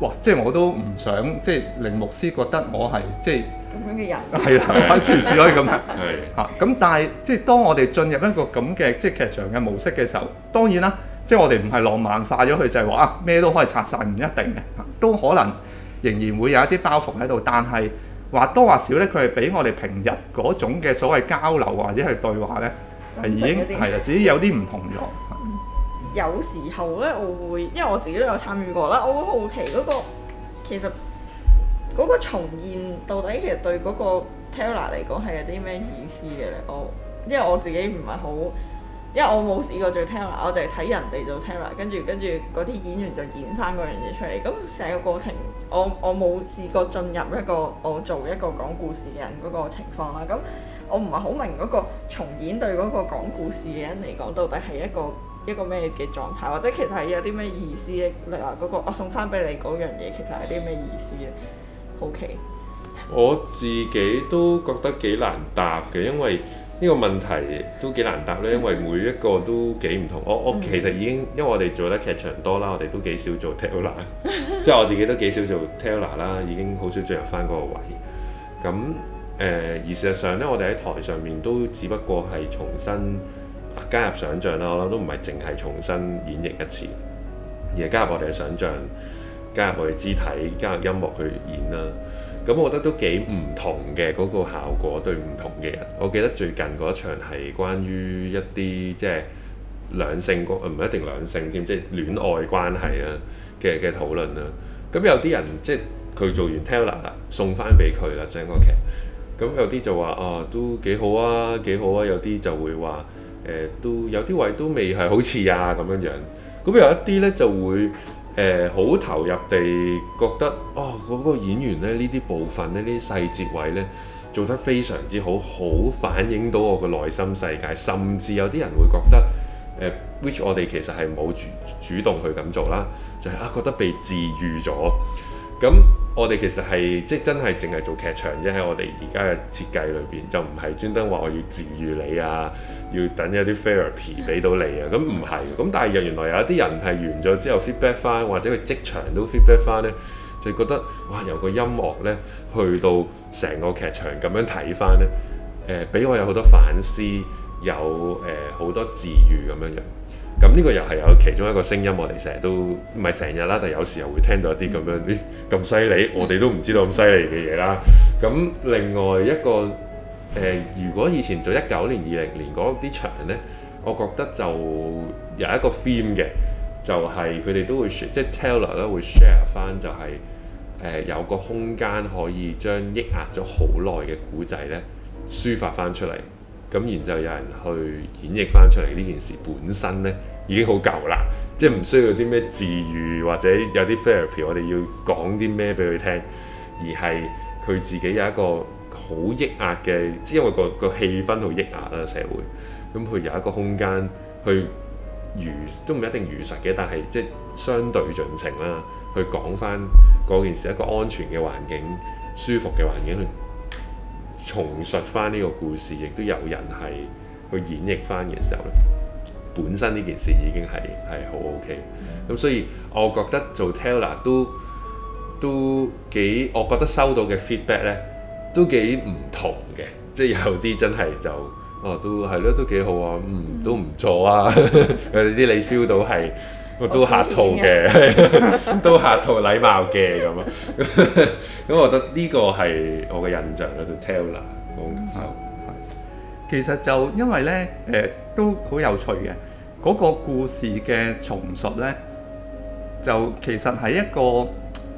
哇！即係我都唔想，即係令牧師覺得我係即係咁樣嘅人。係啦的，係諸可以類諸如此類咁啊。係嚇，咁但係即係當我哋進入一個咁嘅即係劇場嘅模式嘅時候，當然啦，即係我哋唔係浪漫化咗佢，就係話咩都可以拆散，唔一定嘅，都可能仍然會有一啲包袱喺度。但係或多或少咧，佢係比我哋平日嗰種嘅所謂交流或者係對話咧，係已經係啊，自己有啲唔同咗。有時候咧，我會因為我自己都有參與過啦，我會好奇嗰、嗰個其實嗰個重現到底其實對嗰個 Teller 嚟講係有啲咩意思嘅咧。我因為我自己唔係好，因為我冇試過做 Teller，我就係睇人哋做 Teller，跟住跟住嗰啲演員就演翻嗰樣嘢出嚟。咁成個過程我，我我冇試過進入一個我做一個講故事嘅人嗰個情況啊。咁我唔係好明嗰個重演對嗰個講故事嘅人嚟講，到底係一個。一個咩嘅狀態，或者其實係有啲咩意思咧？你話嗰個我送翻俾你嗰樣嘢，其實係啲咩意思咧？好奇。我自己都覺得幾難答嘅，因為呢個問題都幾難答咧，因為每一個都幾唔同。我我其實已經因為我哋做得劇場多啦，我哋都幾少做 teller 即係我自己都幾少做 teller 啦，已經好少進入翻嗰個位。咁誒、呃，而事實上咧，我哋喺台上面都只不過係重新。加入想像啦，我諗都唔係淨係重新演繹一次，而係加入我哋嘅想像，加入我哋肢體，加入音樂去演啦。咁我覺得都幾唔同嘅嗰個效果對唔同嘅人。我記得最近嗰一場係關於一啲即係兩性唔一定兩性添，即係戀愛關係啊嘅嘅討論啦。咁有啲人即係佢做完 Teller 送翻俾佢啦，整個劇。咁有啲就話啊，都幾好啊，幾好啊。有啲就會話。誒、呃、都有啲位都未係好似啊咁樣樣，咁有一啲咧就會誒好、呃、投入地覺得，哦嗰、那個演員咧呢啲部分咧呢啲細節位咧做得非常之好，好反映到我個內心世界，甚至有啲人會覺得誒，which、呃、我哋其實係冇主主動去咁做啦，就係、是、啊覺得被治癒咗，咁。我哋其實係即真係淨係做劇場啫。喺我哋而家嘅設計裏邊就唔係專登話我要治愈你啊，要等有啲 therapy 俾到你啊，咁唔係。咁但係原來有一啲人係完咗之後 feedback 翻，或者佢即場都 feedback 翻呢，就覺得哇由個音樂呢去到成個劇場咁樣睇翻呢，誒、呃、俾我有好多反思，有誒、呃、好多治愈咁樣樣。咁呢個又係有其中一個聲音，我哋成日都唔係成日啦，但有時候會聽到一啲咁樣，啲咁犀利，我哋都唔知道咁犀利嘅嘢啦。咁另外一個誒、呃，如果以前做一九年、二零年嗰啲場咧，我覺得就有一個 theme 嘅，就係佢哋都會 share，即係 Teller 咧會 share 翻、就是，就係誒有個空間可以將抑壓咗好耐嘅古仔咧抒發翻出嚟。咁然之後有人去演繹翻出嚟呢件事本身呢已經好舊啦，即係唔需要啲咩治癒或者有啲 therapy，我哋要講啲咩俾佢聽，而係佢自己有一個好抑壓嘅，即因為個個氣氛好抑壓啦，社會，咁佢有一個空間去如都唔一定如實嘅，但係即係相對盡情啦，去講翻嗰件事一個安全嘅環境、舒服嘅環境去，重述翻呢個故事，亦都有人係去演繹翻嘅時候咧，本身呢件事已經係係好 OK。咁、嗯、所以，我覺得做 teller 都都幾，我覺得收到嘅 feedback 咧都幾唔同嘅，即係有啲真係就哦都係咯，都幾好啊，嗯都唔錯啊， 有啲你 feel 到係。我都客套嘅， 都客套禮貌嘅咁啊。咁 我覺得呢個係我嘅印象度。Taylor，好，係。其實就因為咧，誒、呃、都好有趣嘅嗰、嗰個故事嘅重述咧，就其實係一個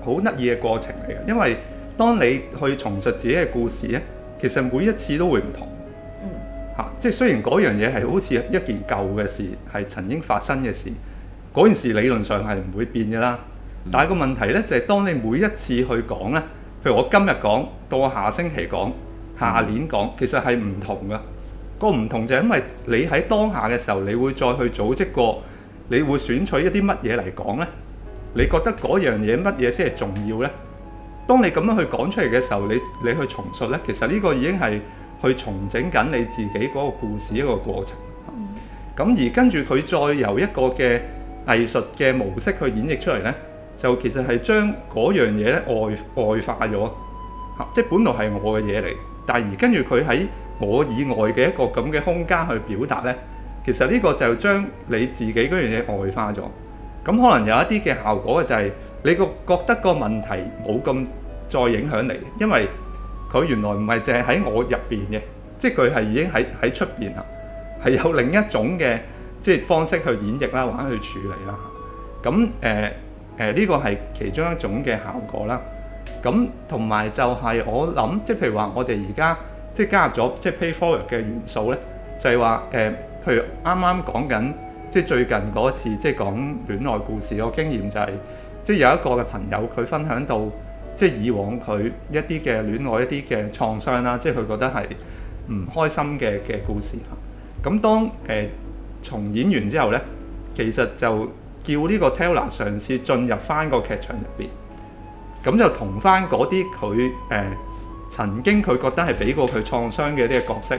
好得意嘅過程嚟嘅。因為當你去重述自己嘅故事咧，其實每一次都會唔同。嗯。即係雖然嗰樣嘢係好似一件舊嘅事，係曾經發生嘅事。嗰件事理論上係唔會變嘅啦，但係個問題呢就係當你每一次去講呢，譬如我今日講，到我下星期講，下年講，其實係唔同㗎。個唔同就係因為你喺當下嘅時候，你會再去組織過，你會選取一啲乜嘢嚟講呢？你覺得嗰樣嘢乜嘢先係重要呢？當你咁樣去講出嚟嘅時候，你你去重述呢，其實呢個已經係去重整緊你自己嗰個故事一個過程。咁而跟住佢再由一個嘅。藝術嘅模式去演繹出嚟呢，就其實係將嗰樣嘢咧外外化咗，即本來係我嘅嘢嚟，但而跟住佢喺我以外嘅一個咁嘅空間去表達呢，其實呢個就將你自己嗰樣嘢外化咗。咁、嗯、可能有一啲嘅效果就係你個覺得個問題冇咁再影響你，因為佢原來唔係淨係喺我入邊嘅，即係佢係已經喺喺出邊啦，係有另一種嘅。即係方式去演繹啦，玩去處理啦。咁誒誒，呢個係其中一種嘅效果啦。咁同埋就係我諗，即係譬如話，我哋而家即係加入咗即係 PayForward 嘅元素咧，就係話誒，譬如啱啱講緊即係最近嗰次即係講戀愛故事，我經驗就係即係有一個嘅朋友佢分享到即係以往佢一啲嘅戀愛一啲嘅創傷啦，即係佢覺得係唔開心嘅嘅故事。咁當誒。呃重演完之後咧，其實就叫呢個 Teller 嘗試進入翻個劇場入邊，咁就同翻嗰啲佢誒曾經佢覺得係俾過佢創傷嘅啲角色，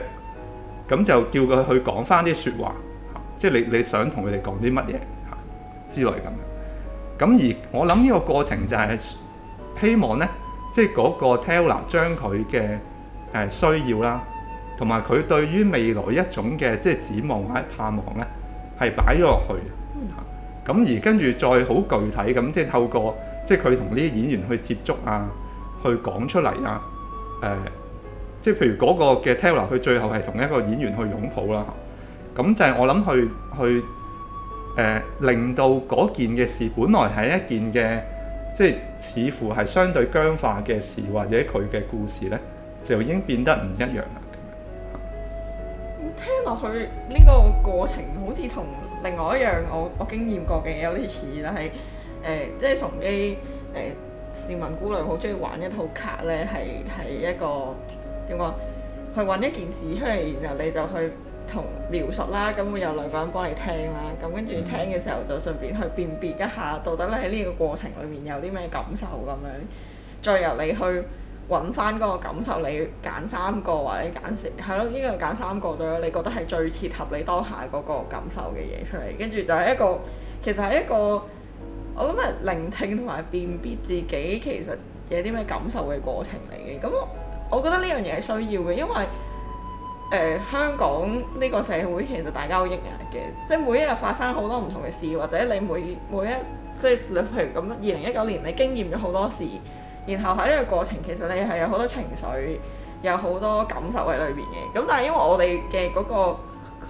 咁就叫佢去講翻啲説話，啊、即係你你想同佢哋講啲乜嘢之類咁。咁、啊、而我諗呢個過程就係希望咧，即係嗰個 Teller 將佢嘅誒需要啦。同埋佢對於未來一種嘅即係指望或者盼望咧，係擺咗落去咁、啊、而跟住再好具體咁，即、就、係、是、透過即係佢同呢啲演員去接觸啊，去講出嚟啊，誒、呃，即係譬如嗰個嘅 Teller，佢最後係同一個演員去擁抱啦。咁、啊嗯、就係、是、我諗去去誒，令到嗰件嘅事本來係一件嘅，即、就、係、是、似乎係相對僵化嘅事，或者佢嘅故事咧，就已經變得唔一樣啦。聽落去呢、這個過程好似同另外一樣我我經驗過嘅有啲似，但係誒即係崇基誒、呃、市民姑娘好中意玩一套卡咧，係係一個點講？去搵一件事出嚟，然後你就去同描述啦。咁會有兩個人幫你聽啦。咁跟住聽嘅時候就順便去辨別一下，到底你喺呢個過程裡面有啲咩感受咁樣，再由你去。揾翻嗰個感受，你揀三個或者揀四，係、嗯、咯，應該係揀三個對。你覺得係最切合你當下嗰個感受嘅嘢出嚟，跟住就係一個，其實係一個，我諗係聆聽同埋辨別自己其實有啲咩感受嘅過程嚟嘅。咁、嗯嗯、我我覺得呢樣嘢係需要嘅，因為誒、呃、香港呢個社會其實大家好抑壓嘅，即係每一日發生好多唔同嘅事，或者你每每一即係譬如咁，二零一九年你經驗咗好多事。然後喺呢個過程，其實你係有好多情緒，有好多感受喺裏邊嘅。咁但係因為我哋嘅嗰個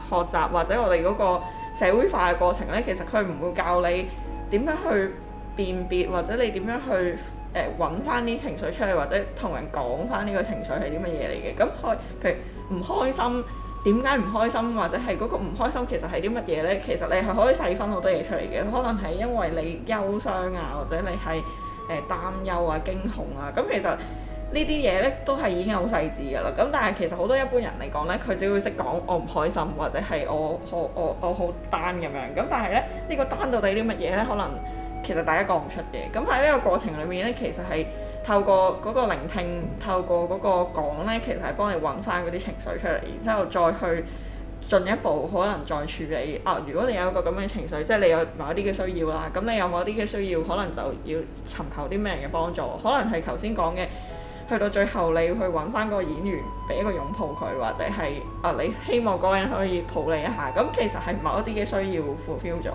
學習或者我哋嗰個社會化嘅過程咧，其實佢唔會教你點樣去辨別，或者你點樣去誒揾翻啲情緒出嚟，或者同人講翻呢個情緒係啲乜嘢嚟嘅。咁開譬如唔開心，點解唔開心，或者係嗰個唔開心其實係啲乜嘢咧？其實你係可以細分好多嘢出嚟嘅。可能係因為你憂傷啊，或者你係。誒、呃、擔憂啊、驚恐啊，咁其實呢啲嘢呢都係已經好細緻㗎啦。咁但係其實好多一般人嚟講呢，佢只會識講我唔開心或者係我我我我好單咁樣。咁但係咧呢、呢個單到底啲乜嘢呢？可能其實大家講唔出嘅。咁喺呢個過程裏面呢，其實係透過嗰個聆聽，透過嗰個講咧，其實係幫你揾翻嗰啲情緒出嚟，然之後再去。進一步可能再處理啊！如果你有一個咁嘅情緒，即係你有某一啲嘅需要啦，咁你有某一啲嘅需要，可能就要尋求啲咩人嘅幫助？可能係頭先講嘅，去到最後你要去揾翻個演員，俾一個擁抱佢，或者係啊，你希望嗰個人可以抱你一下，咁其實係某一啲嘅需要 fulfil 咗。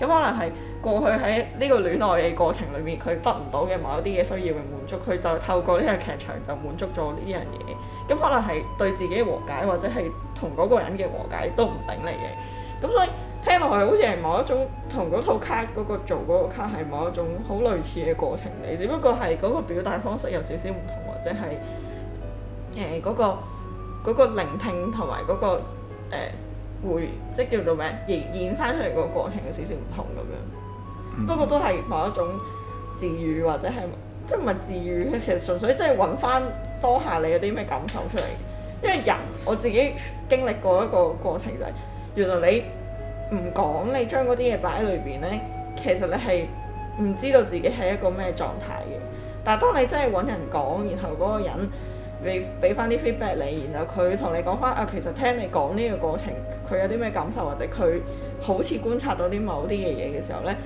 咁可能係過去喺呢個戀愛嘅過程裏面，佢得唔到嘅某一啲嘢需要去滿足，佢就透過呢個劇場就滿足咗呢樣嘢。咁可能係對自己和解，或者係同嗰個人嘅和解都唔定你嘅。咁所以聽落去好似係某一種同嗰套卡嗰個做嗰個卡係某一種好類似嘅過程嚟，只不過係嗰個表達方式有少少唔同，或者係誒嗰個聆聽同埋嗰個、呃會即叫做咩？演演翻出嚟個過程有少少唔同咁樣，不過都係某一種治癒或者係即係唔係治癒？其實純粹即係揾翻當下你有啲咩感受出嚟。因為人我自己經歷過一個過程就係、是、原來你唔講，你將嗰啲嘢擺喺裏邊咧，其實你係唔知道自己係一個咩狀態嘅。但係當你真係揾人講，然後嗰個人。俾俾翻啲 feedback 你，然後佢同你講翻啊，其實聽你講呢個過程，佢有啲咩感受，或者佢好似觀察到啲某啲嘅嘢嘅時候咧，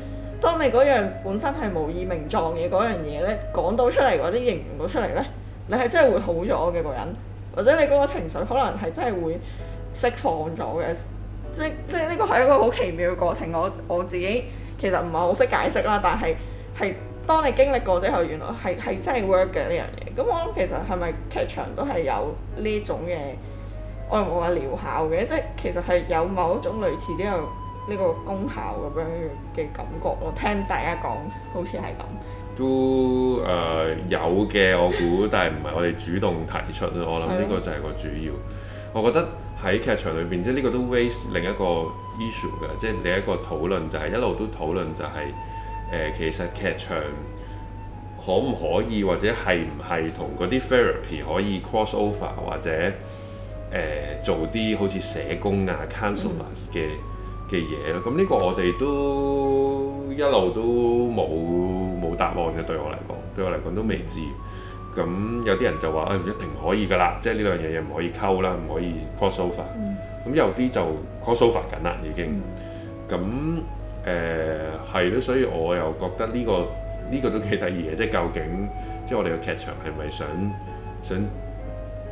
當你嗰樣本身係無以名狀嘅嗰樣嘢咧，講到出嚟，或者形容到出嚟咧，你係真係會好咗嘅個人，或者你嗰個情緒可能係真係會釋放咗嘅，即即呢個係一個好奇妙嘅過程。我我自己其實唔係好識解釋啦，但係係。當你經歷過之後，原來係係真係 work 嘅呢樣嘢。咁我諗其實係咪劇場都係有呢種嘅，我又冇話療效嘅，即、就、係、是、其實係有某一種類似呢、這個呢、這個功效咁樣嘅感覺咯。我聽大家講好似係咁都誒、呃、有嘅，我估，但係唔係我哋主動提出 我諗呢個就係個主要。我覺得喺劇場裏邊，即係呢個都 raise 另一個 issue 㗎，即係另一個討論就係、是、一路都討論就係、是。誒、呃、其實劇場可唔可以或者係唔係同嗰啲 therapy 可以 cross over 或者誒、呃、做啲好似社工啊 counselors 嘅嘅嘢咧？咁呢、mm. 嗯、個我哋都一路都冇冇答案嘅。對我嚟講，對我嚟講都未知。咁、嗯、有啲人就話誒、哎、唔一定可以㗎啦，即係呢兩樣嘢唔可以溝啦，唔可以 cross over、mm. 嗯。咁有啲就 cross over 緊啦，已經。咁、mm. 嗯嗯誒係咯，所以我又覺得呢、呢個呢、呢個都幾得意嘅，即係究竟即係我哋個劇場係咪想想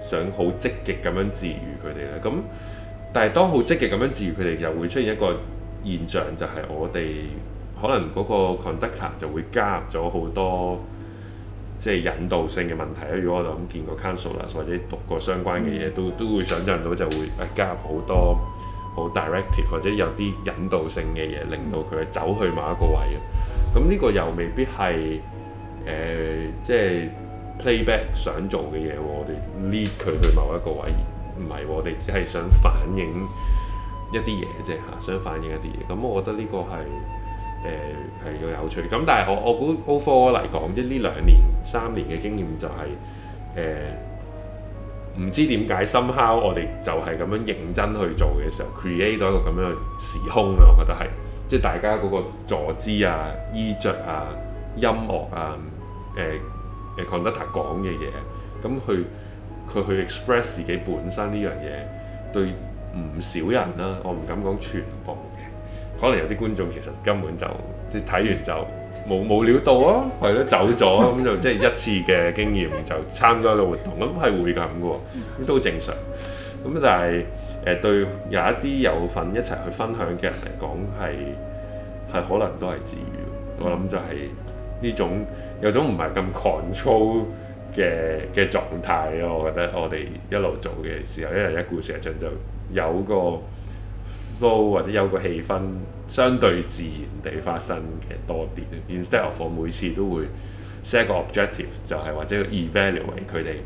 想好積極咁樣治癒佢哋咧？咁但係當好積極咁樣治癒佢哋，又會出現一個現象，就係、係、我哋可能嗰個 conductor 就會加入咗好多即係引導性嘅問題咧。如果我哋諗見過 counselors 或者讀過相關嘅嘢，都都會想像到就會誒加入好多。好 directive 或者有啲引導性嘅嘢，令到佢走去某一個位。咁呢個又未必係誒、呃，即係 playback 想做嘅嘢。我哋 lead 佢去某一個位，唔係。我哋只係想反映一啲嘢啫嚇，想反映一啲嘢。咁我覺得呢個係誒係個有趣。咁但係我我估 O 科嚟講，即係呢兩年三年嘅經驗就係、是、誒。呃唔知點解 somehow 我哋就係咁樣認真去做嘅時候，create 到一個咁樣嘅時空啦。我覺得係，即係大家嗰個坐姿啊、衣着啊、音樂啊、誒、呃、誒、呃、Conductor 講嘅嘢，咁去佢去 express 自己本身呢樣嘢，對唔少人啦、啊。我唔敢講全部嘅，可能有啲觀眾其實根本就即係睇完就。冇冇料到啊，係咯，走咗咁就即係一次嘅經驗就參加個活動咁係會咁噶喎，咁都正常。咁但係誒、呃、對有一啲有份一齊去分享嘅人嚟講係係可能都係治愈。我諗就係呢種有種唔係咁 control 嘅嘅狀態咯。我覺得我哋一路做嘅時候，一人一故事一陣就有個。So, 或者有個氣氛，相對自然地發生嘅多啲。Instead of 我每次都會 set 個 objective 就係或者 evaluate 佢哋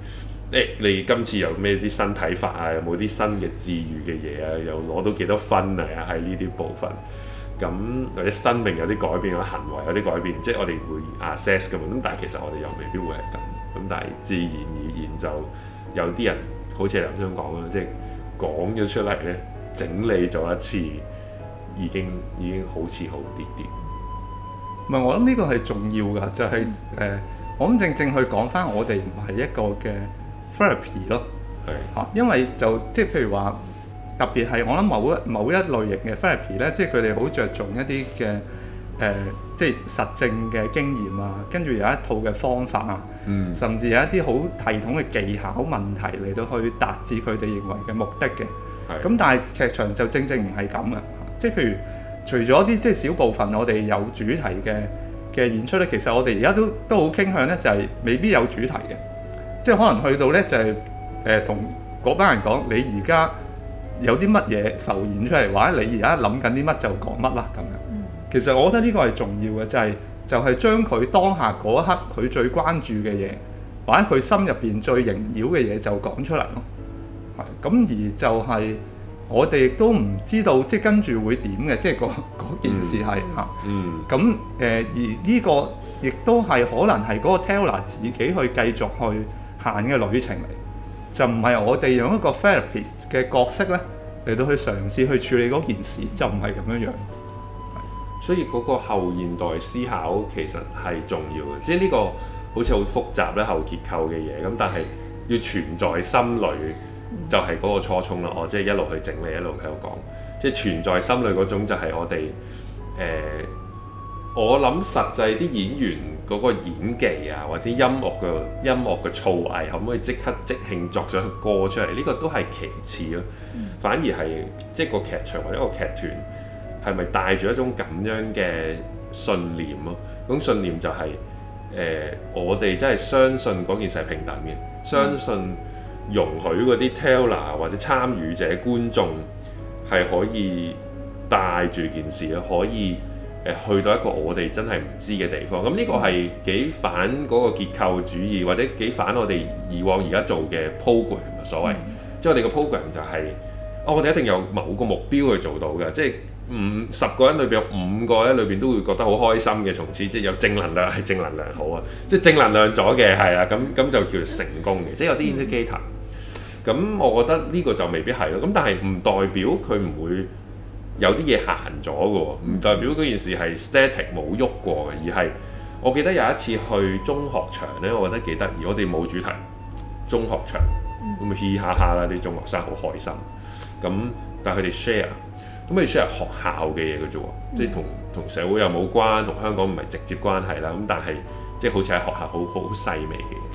誒你今次有咩啲新睇法啊，有冇啲新嘅治愈嘅嘢啊，又攞到幾多分啊？喺呢啲部分，咁或者生命有啲改變，或行為有啲改變，即係我哋會 assess 嘅嘛。咁但係其實我哋又未必會係咁。咁但係自然而然就有啲人好似阿林生講啦，即係講咗出嚟咧。整理咗一次，已經已經好似好啲啲。唔係，我諗呢個係重要㗎，就係、是、誒、呃，我諗正正去講翻我哋唔係一個嘅 therapy 咯。係是。嚇，因為就即係譬如話，特別係我諗某一某一類型嘅 therapy 咧，即係佢哋好着重一啲嘅誒，即係實證嘅經驗啊，跟住有一套嘅方法啊，嗯、甚至有一啲好系統嘅技巧問題嚟到去達至佢哋認為嘅目的嘅。咁但係劇場就正正唔係咁嘅，即係譬如除咗啲即係小部分我哋有主題嘅嘅演出咧，其實我哋而家都都好傾向咧，就係、是、未必有主題嘅，即係可能去到咧就係、是、誒、呃、同嗰班人講，你而家有啲乜嘢浮現出嚟，或者你而家諗緊啲乜就講乜啦咁樣。其實我覺得呢個係重要嘅，就係、是、就係將佢當下嗰一刻佢最關注嘅嘢，或者佢心入邊最縈繞嘅嘢就講出嚟咯。咁，而就係我哋亦都唔知道，即係跟住會點嘅，即係嗰件事係嚇。嗯。咁誒、啊，而呢個亦都係可能係嗰個 teller 自己去繼續去行嘅旅程嚟，就唔係我哋用一個 therapist 嘅角色咧嚟到去嘗試去處理嗰件事，就唔係咁樣樣。係，所以嗰個後現代思考其實係重要嘅，即係呢個好似好複雜咧，後結構嘅嘢，咁但係要存在心裏。就係嗰個初衷啦，我即係一路去整理，一路喺度講，即係存在心裏嗰種就係我哋誒、呃，我諗實際啲演員嗰個演技啊，或者音樂嘅音樂嘅造詣，可唔可以即刻即興作咗個歌出嚟？呢、這個都係其次咯、啊，嗯、反而係即係個劇場或者個劇團係咪帶住一種咁樣嘅信念咯、啊？咁信念就係、是、誒、呃，我哋真係相信嗰件事係平等嘅，相信。嗯容許嗰啲 teller 或者參與者、觀眾係可以帶住件事啊，可以誒去到一個我哋真係唔知嘅地方。咁呢個係幾反嗰個結構主義，或者幾反我哋以往而家做嘅 program 所謂。Mm hmm. 即係我哋個 program 就係、是哦、我我哋一定有某個目標去做到嘅，即係五十個人裏邊有五個咧，裏邊都會覺得好開心嘅。從此即係有正能量係正能量好啊，即係正能量咗嘅係啊，咁咁就叫做成功嘅。即係有啲 indicator 咁我覺得呢個就未必係咯，咁但係唔代表佢唔會有啲嘢行咗嘅喎，唔代表嗰件事係 static 冇喐過嘅，而係我記得有一次去中學場咧，我覺得幾得意，如果我哋冇主題，中學場咁咪嘻嘻哈哈啦，啲中學生好開心，咁但係佢哋 share，咁佢 share 學校嘅嘢嘅啫喎，即係同同社會又冇關，同香港唔係直接關係啦，咁但係即係好似喺學校好好細微嘅。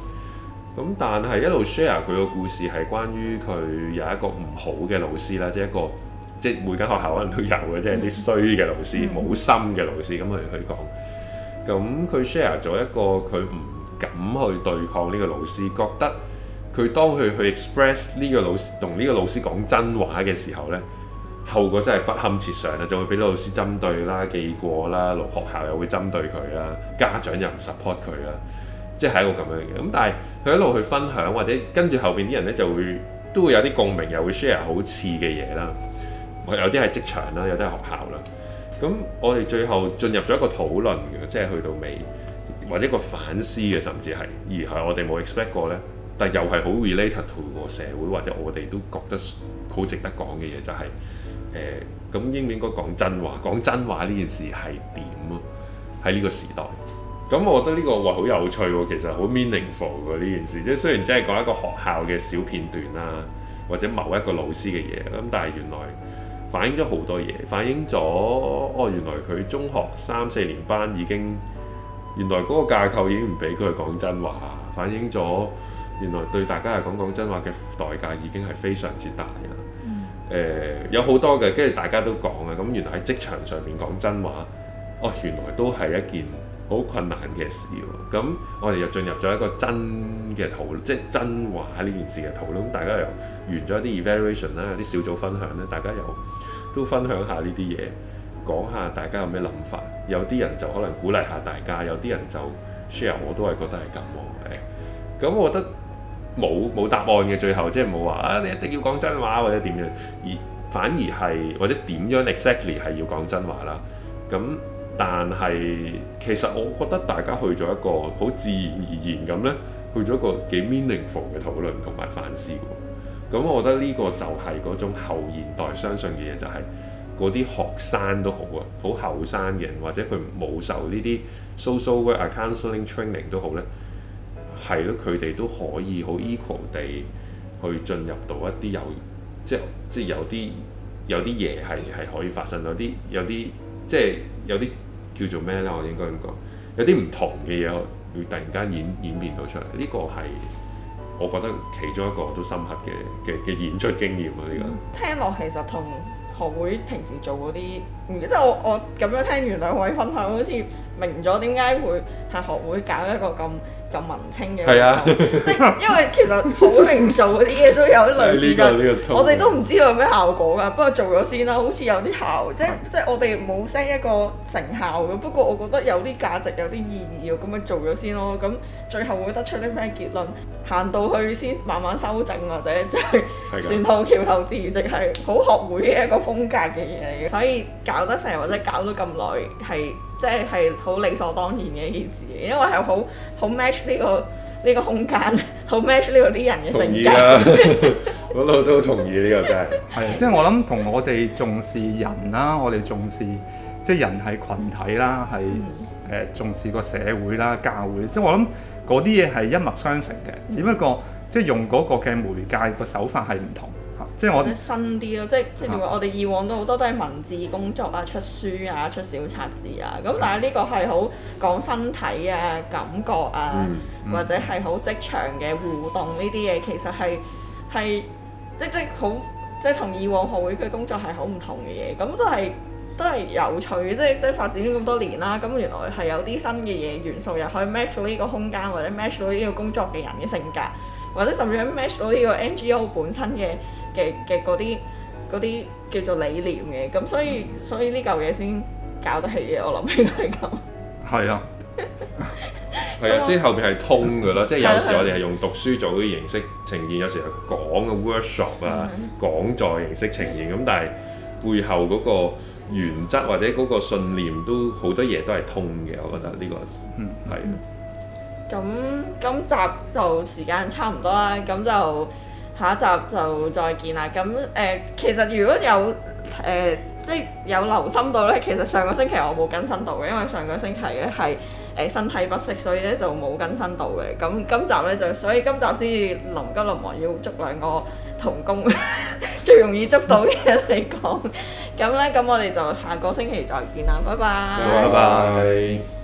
咁但係一路 share 佢個故事係關於佢有一個唔好嘅老師啦，即係一個即係每間學校可能都有嘅，即係啲衰嘅老師、冇心嘅老師咁 去去講。咁佢 share 咗一個佢唔敢去對抗呢個老師，覺得佢當佢去 express 呢個老師同呢個老師講真話嘅時候咧，後果真係不堪設想啊！就會俾老師針對啦、記過啦，學校又會針對佢啦，家長又唔 support 佢啊。即係一個咁樣嘅，咁但係佢一路去分享，或者跟住後邊啲人咧就會都會有啲共鳴，又會 share 好似嘅嘢啦。有啲係職場啦，有啲係學校啦。咁我哋最後進入咗一個討論嘅，即係去到尾或者個反思嘅，甚至係而係我哋冇 expect 過咧，但係又係好 related to 個社會或者我哋都覺得好值得講嘅嘢，就係誒咁應唔應該講真話？講真話呢件事係點啊？喺呢個時代。咁我覺得呢個哇好有趣喎，其實好 meaningful 喎呢件事，即係雖然只係講一個學校嘅小片段啦，或者某一個老師嘅嘢咁，但係原來反映咗好多嘢，反映咗哦，原來佢中學三四年班已經原來嗰個架構已經唔俾佢講真話，反映咗原來對大家嚟講講真話嘅代價已經係非常之大啦。誒、呃、有好多嘅，跟住大家都講啊，咁原來喺職場上面講真話，哦，原來都係一件。好困難嘅事喎，咁我哋又進入咗一個真嘅討，即係真話呢件事嘅討論。咁大家又完咗一啲 evaluation 啦，有啲小組分享咧，大家又都分享下呢啲嘢，講下大家有咩諗法。有啲人就可能鼓勵下大家，有啲人就 share，我，我都係覺得係咁，咁我覺得冇冇答案嘅最後，即係冇話啊，你一定要講真話或者點樣，而反而係或者點樣 exactly 係要講真話啦。咁。但係其實我覺得大家去咗一個好自然而然咁呢，去咗一個幾 meaningful 嘅討論同埋反思喎。咁、嗯、我覺得呢個就係嗰種後現代相信嘅嘢，就係嗰啲學生都好啊，好後生嘅人或者佢冇受呢啲 social work counselling training 都好呢，係咯，佢哋都可以好 equal 地去進入到一啲有即係即係有啲有啲嘢係係可以發生，有啲有啲即係有啲。叫做咩咧？我應該咁講，有啲唔同嘅嘢會突然間演演變到出嚟。呢個係我覺得其中一個都深刻嘅嘅嘅演出經驗啊！呢個聽落其實同學會平時做嗰啲，即係我我咁樣聽完兩位分享，好似明咗點解會係學會搞一個咁。咁文青嘅，是啊、即係因為其實好明做嗰啲嘢都有類似嘅 我哋都唔知道有咩效果㗎，不過做咗先啦，好似有啲效，即係的即係我哋冇 set 一個成效嘅，不過我覺得有啲價值、有啲意義，要咁樣做咗先咯。咁最後會得出啲咩結論？行到去先慢慢修正或者即係船到橋頭自然直係好學會嘅一個風格嘅嘢嚟嘅，所以搞得成或者搞咗咁耐係。即係係好理所當然嘅一件事，因為係好好 match 呢個呢個空間，好 match 呢個啲人嘅性格。我都都同意呢個真係。係 即係我諗同我哋重視人啦，我哋重視即係人係群體啦，係誒、嗯、重視個社會啦、教會。即係我諗嗰啲嘢係一脈相承嘅，嗯、只不過即係用嗰個嘅媒介個手法係唔同。即係新啲咯，即係即係我我哋以往都好多都係文字工作啊、出書啊、出小冊子啊，咁但係呢個係好講身體啊、感覺啊，嗯嗯、或者係好即場嘅互動呢啲嘢，其實係係即即好即係同以往學會嘅工作係好唔同嘅嘢，咁都係都係有趣，即係即係發展咗咁多年啦、啊，咁原來係有啲新嘅嘢元素入去 match 到呢個空間，或者 match 到呢個工作嘅人嘅性格，或者甚至係 match 到呢個 NGO 本身嘅。嘅嘅嗰啲啲叫做理念嘅，咁所以所以呢嚿嘢先搞得起嘅，我諗起都係咁。係 啊，係 我 啊，即係後邊係通嘅啦，即係有時我哋係用讀書做啲形式呈現，有時係講嘅 workshop 啊，mm hmm。講座形式呈現，咁但係背後嗰個原則或者嗰個信念都好多嘢都係通嘅，我覺得呢、呢個係。咁今集就時間差唔多啦，咁就。下一集就再見啦。咁誒、呃，其實如果有誒、呃，即係有留心到咧，其實上個星期我冇更新到嘅，因為上個星期咧係誒身體不適，所以咧就冇更新到嘅。咁今集咧就，所以今集先至臨急臨忙要捉兩個同工， 最容易捉到嘅嚟講。咁咧， 咁我哋就下個星期再見啦，拜拜。拜拜。